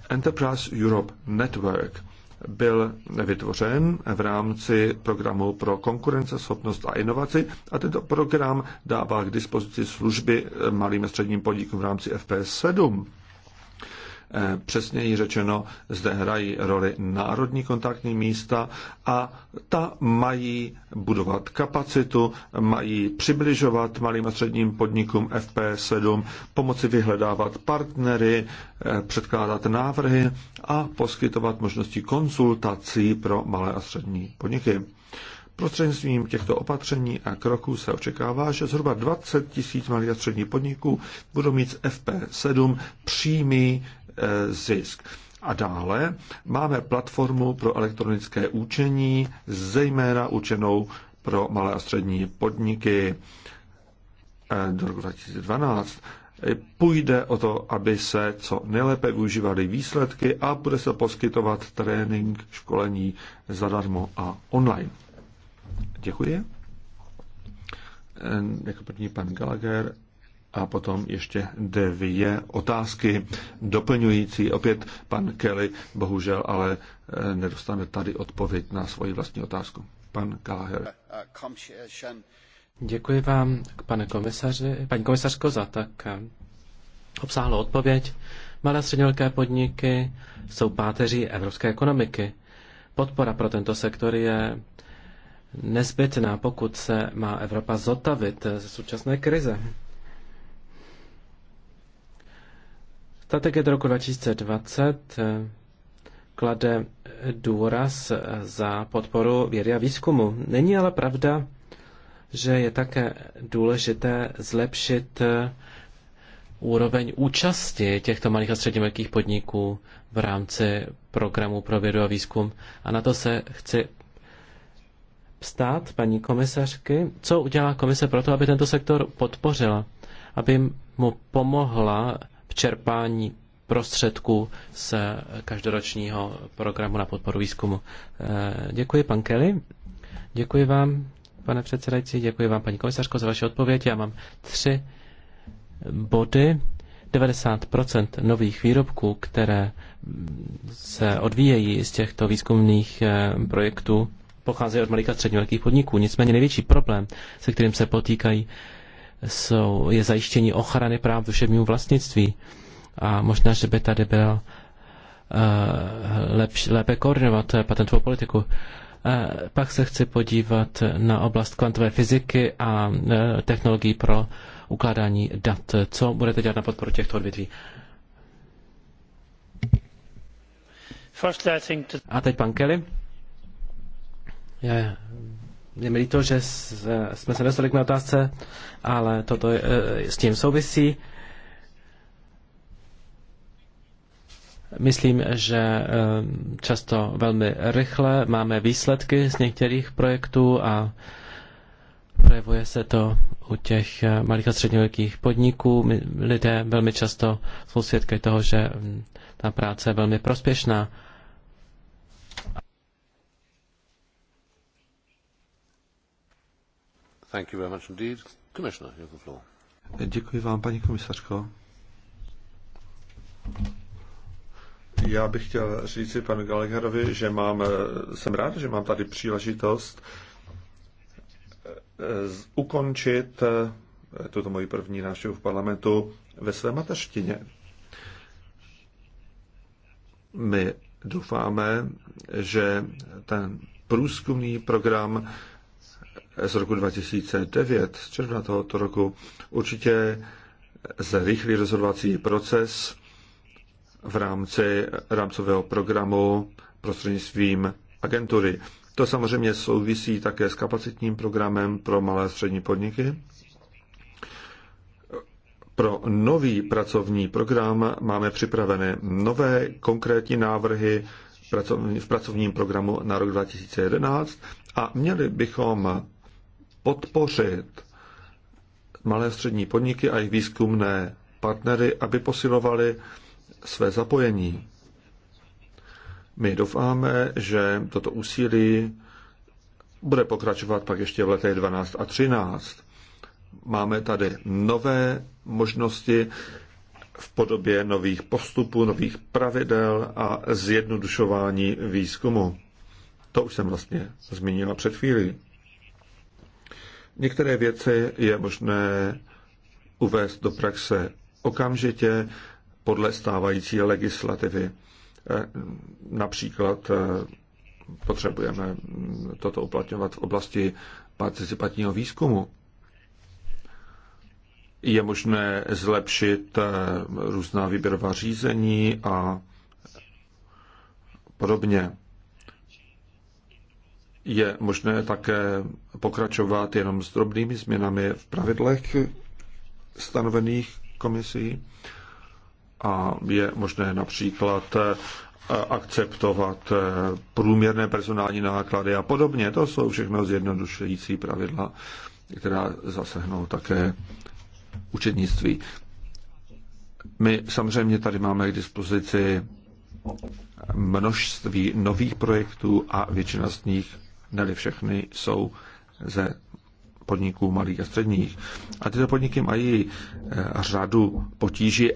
Enterprise Europe Network byl vytvořen v rámci programu pro konkurenceschopnost a inovaci a tento program dává k dispozici služby malým a středním podnikům v rámci FPS 7 Eh, přesněji řečeno, zde hrají roli národní kontaktní místa a ta mají budovat kapacitu, mají přibližovat malým a středním podnikům FP7, pomoci vyhledávat partnery, eh, předkládat návrhy a poskytovat možnosti konzultací pro malé a střední podniky. Prostřednictvím těchto opatření a kroků se očekává, že zhruba 20 tisíc malých a středních podniků budou mít z FP7 přímý zisk. A dále máme platformu pro elektronické učení, zejména učenou pro malé a střední podniky e, do roku 2012. Půjde o to, aby se co nejlépe využívaly výsledky a bude se poskytovat trénink, školení zadarmo a online. Děkuji. E, jako první pan Gallagher a potom ještě dvě otázky doplňující. Opět pan Kelly, bohužel, ale eh, nedostane tady odpověď na svoji vlastní otázku. Pan Gallagher. Děkuji vám, pane komisaři, paní komisařko, za tak eh, obsáhlou odpověď. Malé středně podniky jsou páteří evropské ekonomiky. Podpora pro tento sektor je nezbytná, pokud se má Evropa zotavit ze současné krize. Strategie do roku 2020 eh, klade důraz eh, za podporu vědy a výzkumu. Není ale pravda, že je také důležité zlepšit eh, úroveň účasti těchto malých a středně velkých podniků v rámci programu pro vědu a výzkum. A na to se chci ptát paní komisařky, co udělá komise pro to, aby tento sektor podpořila, aby mu pomohla čerpání prostředků z eh, každoročního programu na podporu výzkumu. Eh, děkuji, pan Kelly. Děkuji vám, pane předsedající, děkuji vám, paní komisařko, za vaše odpověď. Já mám tři body. 90% nových výrobků, které se odvíjejí z těchto výzkumných eh, projektů, pocházejí od malých a středně velkých podniků. Nicméně největší problém, se kterým se potýkají jsou, je zajištění ochrany práv duševního vlastnictví. A možná, že by tady byl eh, lepš, lépe koordinovat patentovou politiku. Eh, pak se chci podívat na oblast kvantové fyziky a eh, technologií pro ukládání dat. Co budete dělat na podporu těchto odvětví? A teď pan Kelly. Já je mi líto, že jsme se nedostali k mé otázce, ale toto je, eh, s tím souvisí. Myslím, že eh, často velmi rychle máme výsledky z některých projektů a projevuje se to u těch eh, malých a středních podniků. Lidé velmi často jsou svědky toho, že mm, ta práce je velmi prospěšná Děkuji vám, komisařko. Já bych chtěl říct si panu Gallagherovi, že mám, jsem rád, že mám tady příležitost eh, ukončit eh, tuto moji první návštěvu v parlamentu ve své mateřštině. My doufáme, že ten průzkumný program z roku 2009, z června tohoto roku, určitě zrychlí rozhodovací proces v rámci rámcového programu prostřednictvím agentury. To samozřejmě souvisí také s kapacitním programem pro malé a střední podniky. Pro nový pracovní program máme připravené nové konkrétní návrhy v pracovním programu na rok 2011 a měli bychom podpořit malé střední podniky a jejich výzkumné partnery, aby posilovali své zapojení. My doufáme, že toto úsilí bude pokračovat pak ještě v letech 12 a 13. Máme tady nové možnosti v podobě nových postupů, nových pravidel a zjednodušování výzkumu. To už jsem vlastně zmínila před chvílí. Některé věci je možné uvést do praxe okamžitě podle stávající legislativy. E, například e, potřebujeme toto uplatňovat v oblasti participativního výzkumu. Je možné zlepšit e, různá výběrová řízení a podobně je možné také pokračovat jenom s drobnými změnami v pravidlech stanovených komisí a je možné například eh, akceptovat eh, průměrné personální náklady a podobně. To jsou všechno zjednodušující pravidla, která zasehnou také učednictví. My samozřejmě tady máme k dispozici množství nových projektů a většina z nich neli všechny jsou ze podniků malých a středních. A tyto podniky mají eh, řadu potíží,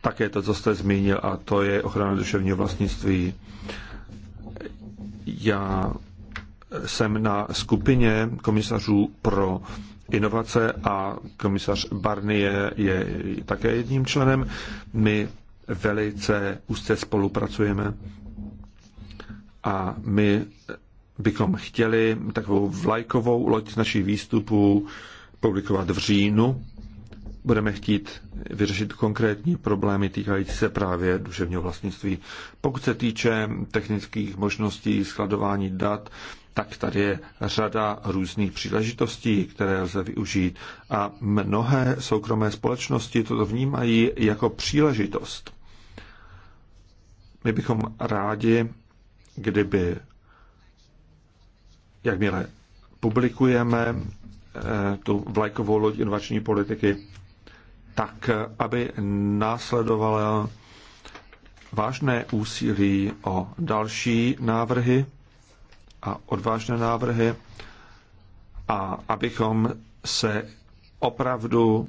také to, co jste zmínil, a to je ochrana duševního vlastnictví. Já jsem na skupině komisařů pro inovace a komisař Barnier je také jedním členem. My velice úzce spolupracujeme a my bychom chtěli takovou vlajkovou loď našich výstupů publikovat v říjnu. Budeme chtít vyřešit konkrétní problémy týkající se právě duševního vlastnictví. Pokud se týče technických možností skladování dat, tak tady je řada různých příležitostí, které lze využít. A mnohé soukromé společnosti toto vnímají jako příležitost. My bychom rádi, kdyby jakmile publikujeme eh, tu vlajkovou loď inovační politiky, tak eh, aby následovala vážné úsilí o další návrhy a odvážné návrhy a abychom se opravdu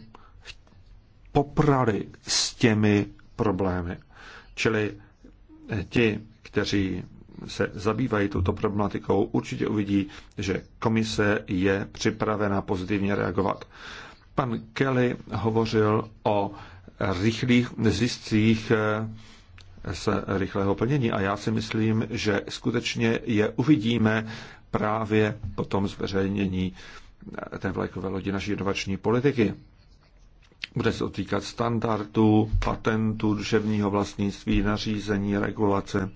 poprali s těmi problémy. Čili eh, ti, kteří se zabývají touto problematikou, určitě uvidí, že komise je připravena pozitivně reagovat. Pan Kelly hovořil o rychlých ziscích eh, z rychlého plnění a já si myslím, že skutečně je uvidíme právě po tom zveřejnění eh, té vlajkové lodi naší inovační politiky. Bude se otýkat standardů, patentů, duševního vlastnictví, nařízení, regulace.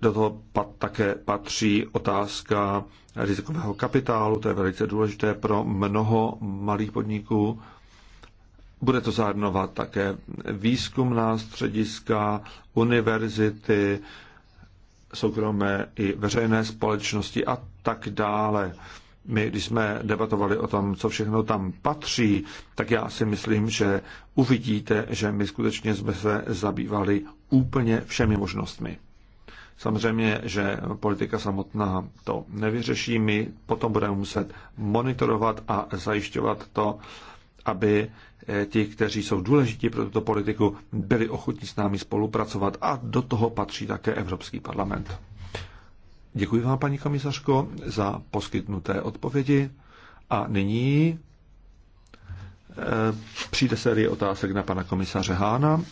Do toho pat, také patří otázka rizikového kapitálu, to je velice důležité pro mnoho malých podniků. Bude to zahrnovat také výzkumná střediska, univerzity, soukromé i veřejné společnosti a tak dále. My, když jsme debatovali o tom, co všechno tam patří, tak já si myslím, že uvidíte, že my skutečně jsme se zabývali úplně všemi možnostmi. Samozřejmě, že politika samotná to nevyřeší, my potom budeme muset monitorovat a zajišťovat to, aby eh, ti, kteří jsou důležití pro tuto politiku, byli ochotní s námi spolupracovat a do toho patří také Evropský parlament. Děkuji vám, paní komisařko, za poskytnuté odpovědi. A nyní eh, přijde série otázek na pana komisaře Hána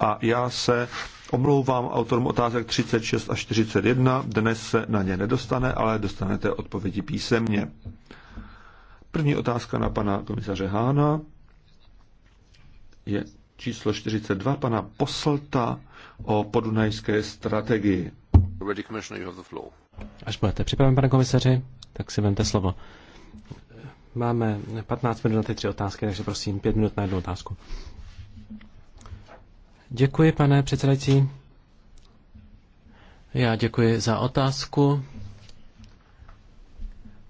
a já se omlouvám autorům otázek 36 a 41. Dnes se na ně nedostane, ale dostanete odpovědi písemně. První otázka na pana komisaře Hána je číslo 42 pana Poslta o podunajské strategii. Až budete připraven, pane komisaři, tak si vemte slovo. Máme 15 minut na ty tři otázky, takže prosím, pět minut na jednu otázku. Děkuji, pane předsedající. Já děkuji za otázku.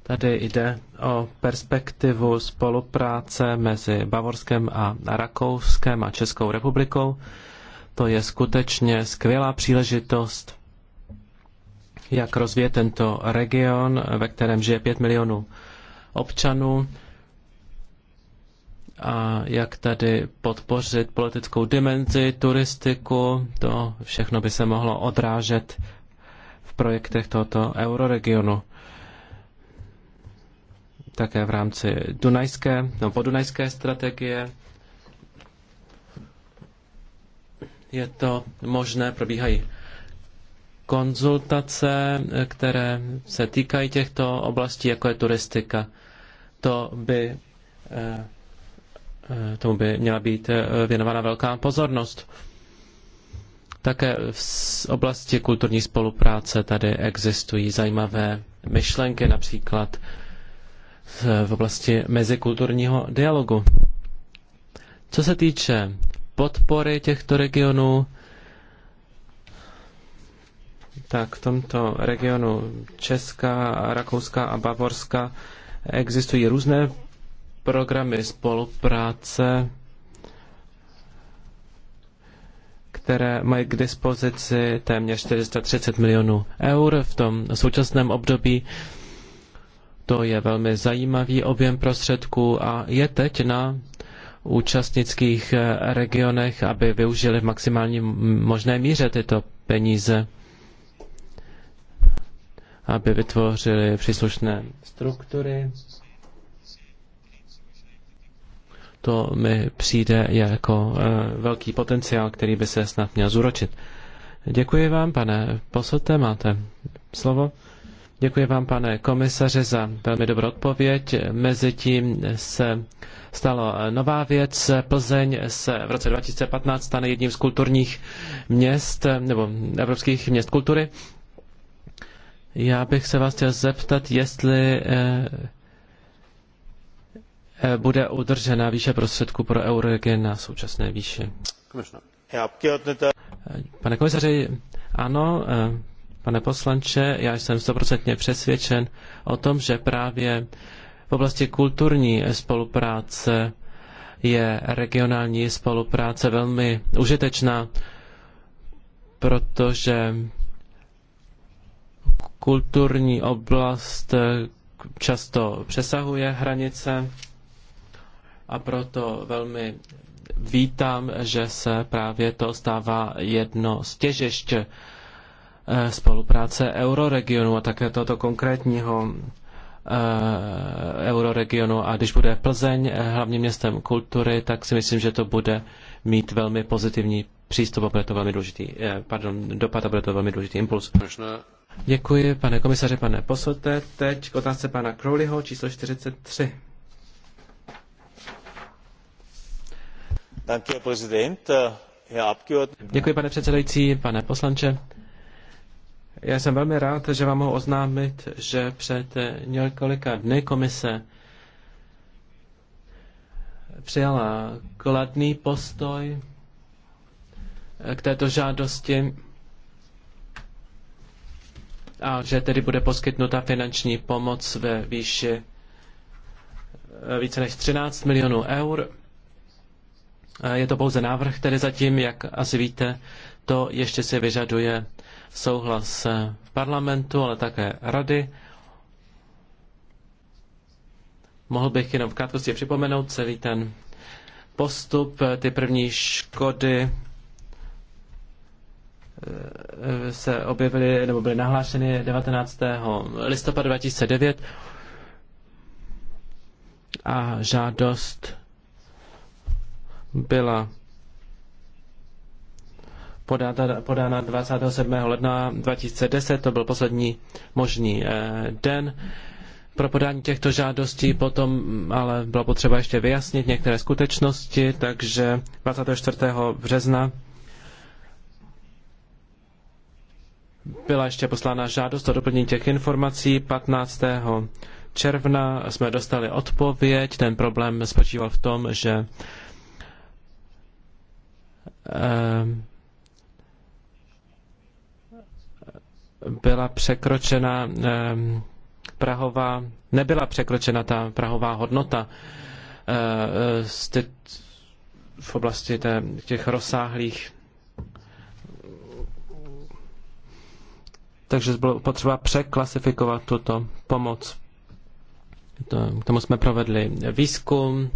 Tady jde o perspektivu spolupráce mezi Bavorskem a Rakouskem a Českou republikou. To je skutečně skvělá příležitost, jak rozvíjet tento region, ve kterém žije 5 milionů občanů a jak tady podpořit politickou dimenzi, turistiku, to všechno by se mohlo odrážet v projektech tohoto euroregionu. Také v rámci Dunajské, no podunajské strategie je to možné, probíhají konzultace, které se týkají těchto oblastí, jako je turistika. To by eh, Eh, tomu by měla být eh, věnována velká pozornost. Také v oblasti kulturní spolupráce tady existují zajímavé myšlenky, například v oblasti mezikulturního dialogu. Co se týče podpory těchto regionů, tak v tomto regionu česká rakouská a Bavorska existují různé programy spolupráce, které mají k dispozici téměř 430 milionů eur v tom současném období. To je velmi zajímavý objem prostředků a je teď na účastnických regionech, aby využili v maximální možné míře tyto peníze, aby vytvořili příslušné struktury To mi přijde jako eh, velký potenciál, který by se snad měl zúročit. Děkuji vám, pane poslete, máte slovo. Děkuji vám, pane komisaře. za velmi dobrou odpověď. Mezitím se stalo eh, nová věc. Plzeň se v roce 2015 stane jedním z kulturních měst, eh, nebo evropských měst kultury. Já bych se vás chtěl zeptat, jestli bude udržena výše prostředků pro euroregion na současné výši. Pane komisaři, ano, eh, pane poslanče, já jsem stoprocentně přesvědčen o tom, že právě v oblasti kulturní spolupráce je regionální spolupráce velmi užitečná, protože kulturní oblast eh, často přesahuje hranice a proto velmi vítám, že se právě to stává jedno z těžišť eh, spolupráce euroregionu a také tohoto konkrétního eh, euroregionu a když bude Plzeň eh, hlavním městem kultury, tak si myslím, že to bude mít velmi pozitivní přístup a bude to velmi důležitý, pardon, dopad a bude to velmi důležitý impuls. Děkuji, pane komisaři, pane posote. Teď k otázce pana Crowleyho, číslo 43. Děkuji, pane předsedající, pane poslanče. Já jsem velmi rád, že vám mohu oznámit, že před několika dny komise přijala kladný postoj k této žádosti a že tedy bude poskytnuta finanční pomoc ve výši více než 13 milionů eur Eh, je to pouze návrh, který zatím, jak asi víte, to ještě se vyžaduje souhlas eh, parlamentu, ale také rady. Mohl bych jenom v krátkosti připomenout celý ten postup, eh, ty první škody se objevily nebo byly nahlášeny 19. listopadu 2009 a žádost byla podána 27. ledna 2010, to byl poslední možný eh, den. Pro podání těchto žádostí potom ale bylo potřeba ještě vyjasnit některé skutečnosti, takže 24. března byla ještě poslána žádost o doplnění těch informací. 15. června jsme dostali odpověď. Ten problém spočíval v tom, že Ehm, byla překročena ehm, prahová, nebyla překročena ta prahová hodnota ehm, v oblasti těch rozsáhlých takže bylo potřeba překlasifikovat tuto pomoc. K tomu jsme provedli výzkum,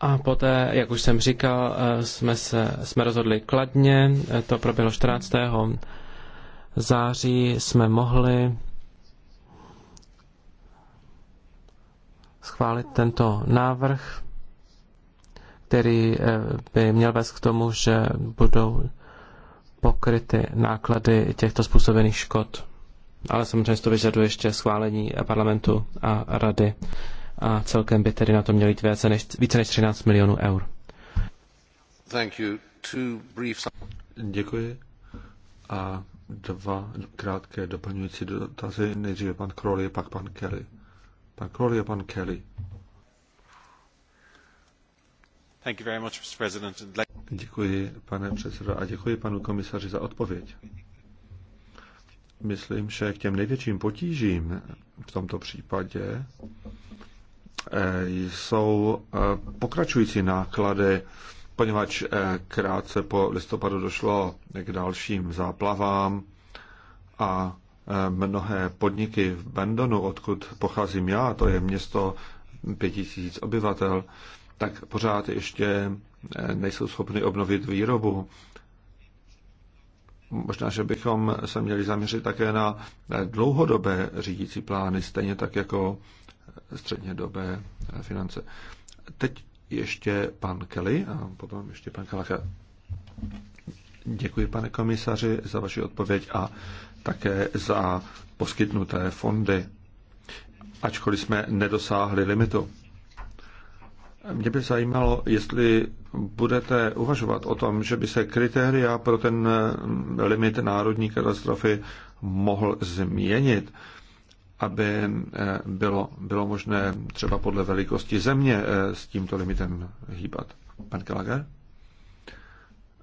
a poté, jak už jsem říkal, eh, jsme, se, jsme rozhodli kladně, eh, to proběhlo 14. září, jsme mohli schválit tento návrh, který eh, by měl vést k tomu, že budou pokryty náklady těchto způsobených škod. Ale samozřejmě to vyžaduje ještě schválení parlamentu a rady a celkem by tedy na to měli více než, více než 13 milionů eur. Thank you. Two brief... Děkuji. A dva krátké doplňující dotazy. Nejdříve pan Crowley, pak pan Kelly. Pan Crowley a pan Kelly. Thank you very much, Mr. President. Děkuji, pane předsedo, a děkuji panu komisaři za odpověď. Myslím, že k těm největším potížím v tomto případě Eh, jsou eh, pokračující náklady, poněvadž eh, krátce po listopadu došlo k dalším záplavám a mnohé podniky v Bendonu, odkud pocházím já, to je město 5000 obyvatel, tak pořád ještě nejsou schopny obnovit výrobu. Možná, že bychom se měli zaměřit také na dlouhodobé řídící plány, stejně tak jako střednědobé eh, finance. Teď ještě pan Kelly a potom ještě pan Kalacha. Děkuji, pane komisaři, za vaši odpověď a také za poskytnuté fondy, ačkoliv jsme nedosáhli limitu. Mě by zajímalo, jestli budete uvažovat o tom, že by se kritéria pro ten limit národní katastrofy mohl změnit aby eh, bylo, bylo možné třeba podle velikosti země eh, s tímto limitem hýbat. Pan Kalager?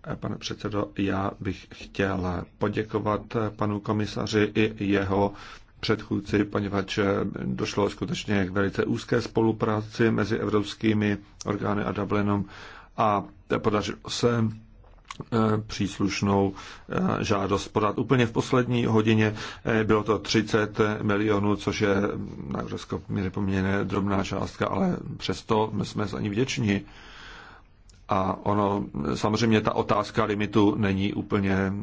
Eh, pane předsedo, já bych chtěl poděkovat panu komisaři i jeho předchůdci, poněvadž došlo skutečně k velice úzké spolupráci mezi evropskými orgány a Dublinem a podařilo se Eh, příslušnou eh, žádost podat. Úplně v poslední hodině eh, bylo to 30 milionů, což je na Evropskou míry poměrně drobná částka, ale přesto my jsme za ní vděční. A ono, samozřejmě ta otázka limitu není úplně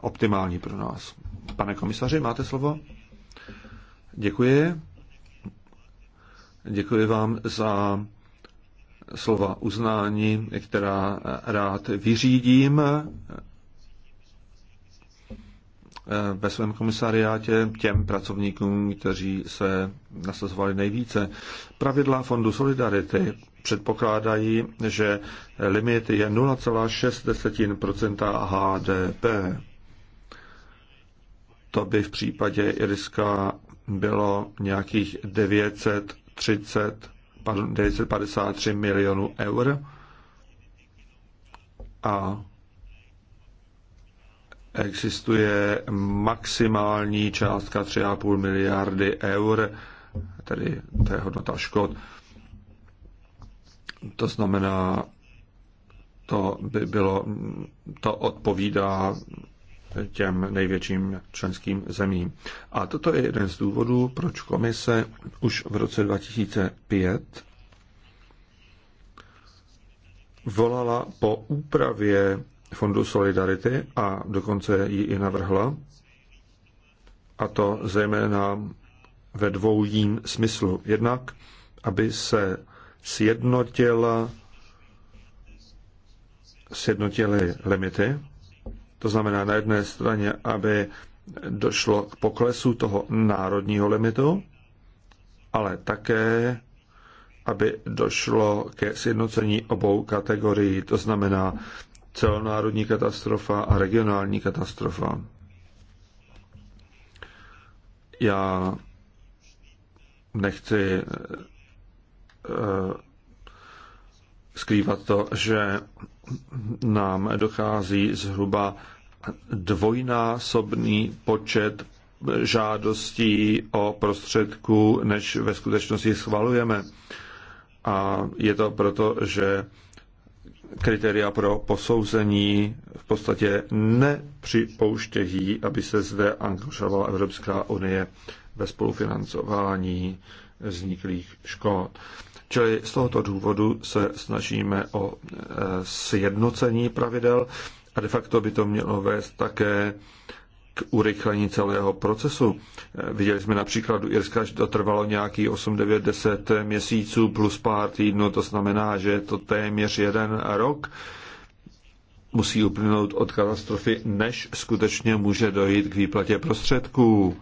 optimální pro nás. Pane komisaři, máte slovo? Děkuji. Děkuji vám za slova uznání, která rád vyřídím eh, ve svém komisariátě těm pracovníkům, kteří se nasazovali nejvíce. Pravidla Fondu Solidarity předpokládají, že limit je 0,6 HDP. To by v případě Irska bylo nějakých 930 953 milionů eur a existuje maximální částka 3,5 miliardy eur, tedy to je hodnota škod. To znamená, to by bylo, to odpovídá těm největším členským zemím. A toto je jeden z důvodů, proč komise už v roce 2005 volala po úpravě Fondu Solidarity a dokonce ji i navrhla, a to zejména ve dvou jím smyslu. Jednak, aby se sjednotila, sjednotily limity to znamená na jedné straně, aby došlo k poklesu toho národního limitu, ale také, aby došlo ke sjednocení obou kategorií, to znamená celonárodní katastrofa a regionální katastrofa. Já nechci eh, skrývat to, že nám dochází zhruba dvojnásobný počet žádostí o prostředku, než ve skutečnosti schvalujeme. A je to proto, že kritéria pro posouzení v podstatě nepřipouštějí, aby se zde angažovala Evropská unie ve spolufinancování vzniklých škod. Čili z tohoto důvodu se snažíme o eh, sjednocení pravidel a de facto by to mělo vést také k urychlení celého procesu. Viděli jsme například u Irska, že to trvalo nějaký 8, 9, 10 měsíců plus pár týdnů, to znamená, že je to téměř jeden rok musí uplynout od katastrofy, než skutečně může dojít k výplatě prostředků.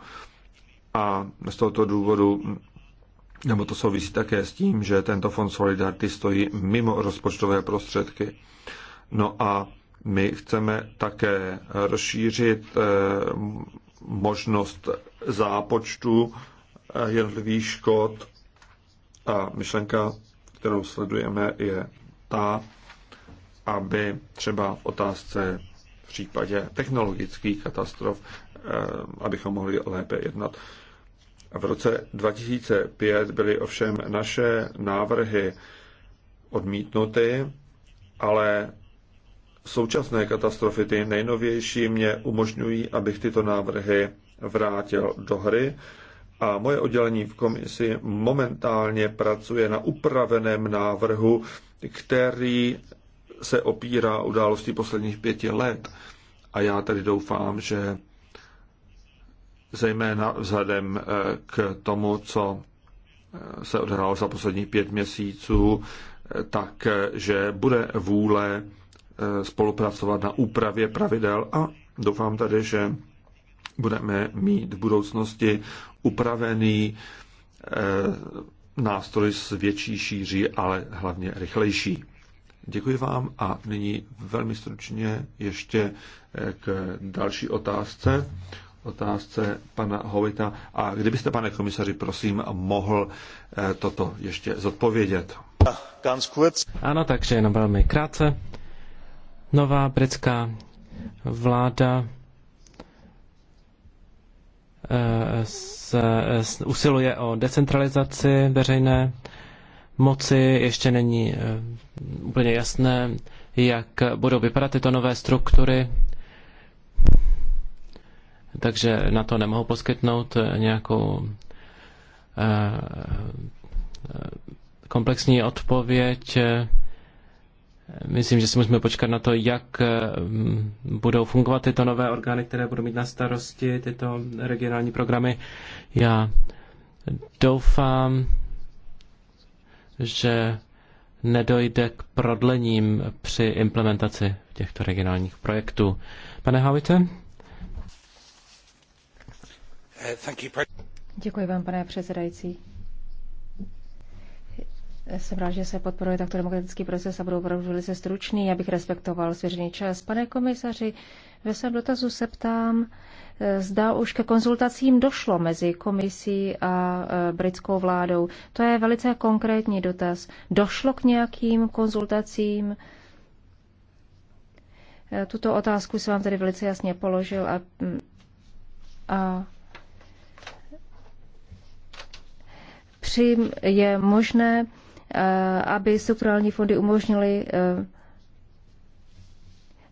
A z tohoto důvodu, nebo to souvisí také s tím, že tento fond Solidarity stojí mimo rozpočtové prostředky. No a my chceme také rozšířit eh, možnost zápočtu eh, jednotlivých škod a myšlenka, kterou sledujeme, je ta, aby třeba v otázce v případě technologických katastrof, eh, abychom mohli lépe jednat. V roce 2005 byly ovšem naše návrhy odmítnuty, ale Současné katastrofy, ty nejnovější, mě umožňují, abych tyto návrhy vrátil do hry a moje oddělení v komisi momentálně pracuje na upraveném návrhu, který se opírá události posledních pěti let. A já tady doufám, že zejména vzhledem eh, k tomu, co eh, se odehrálo za posledních pět měsíců, eh, tak, že bude vůle Eh, spolupracovat na úpravě pravidel a doufám tady, že budeme mít v budoucnosti upravený eh, nástroj s větší šíří, ale hlavně rychlejší. Děkuji vám a nyní velmi stručně ještě eh, k další otázce. Otázce pana Hovita. A kdybyste, pane komisaři, prosím, mohl toto ještě zodpovědět. Ah, ano, takže jenom velmi krátce. Nová britská vláda eh, se eh, usiluje o decentralizaci veřejné moci. Ještě není eh, úplně jasné, jak budou vypadat tyto nové struktury, takže na to nemohu poskytnout nějakou komplexní odpověď. Myslím, že si musíme počkat na to, jak eh, budou fungovat tyto nové orgány, které budou mít na starosti tyto regionální programy. Já doufám, že nedojde k prodlením při implementaci těchto regionálních projektů. Pane Havite? Eh, Děkuji vám, pane předsedající. Jsem rád, že se podporuje takto demokratický proces a budou opravdu velice stručný, abych respektoval svěřený čas. Pane komisaři, ve svém dotazu se ptám, eh, zda už ke konzultacím došlo mezi komisí a eh, britskou vládou. To je velice konkrétní dotaz. Došlo k nějakým konzultacím? Eh, tuto otázku jsem vám tady velice jasně položil a, mm, a při je možné Eh, aby strukturální fondy umožnily eh,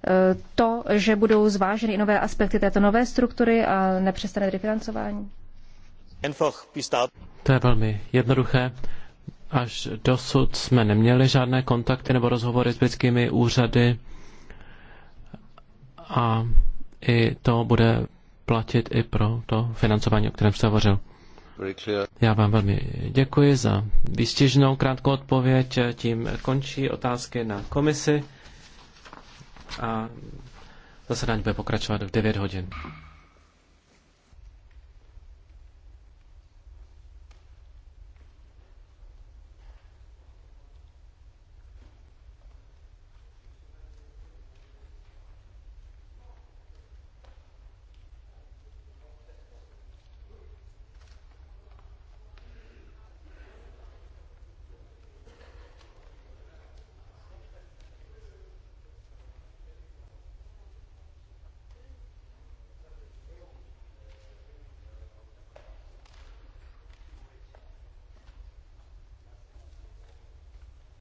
eh, to, že budou zváženy nové aspekty této nové struktury a nepřestane refinancování? financování? To je velmi jednoduché. Až dosud jsme neměli žádné kontakty nebo rozhovory s britskými úřady a i to bude platit i pro to financování, o kterém jste hovořil. Já vám velmi děkuji za výstěžnou krátkou odpověď. Tím končí otázky na komisi a zasedání bude pokračovat v 9 hodin.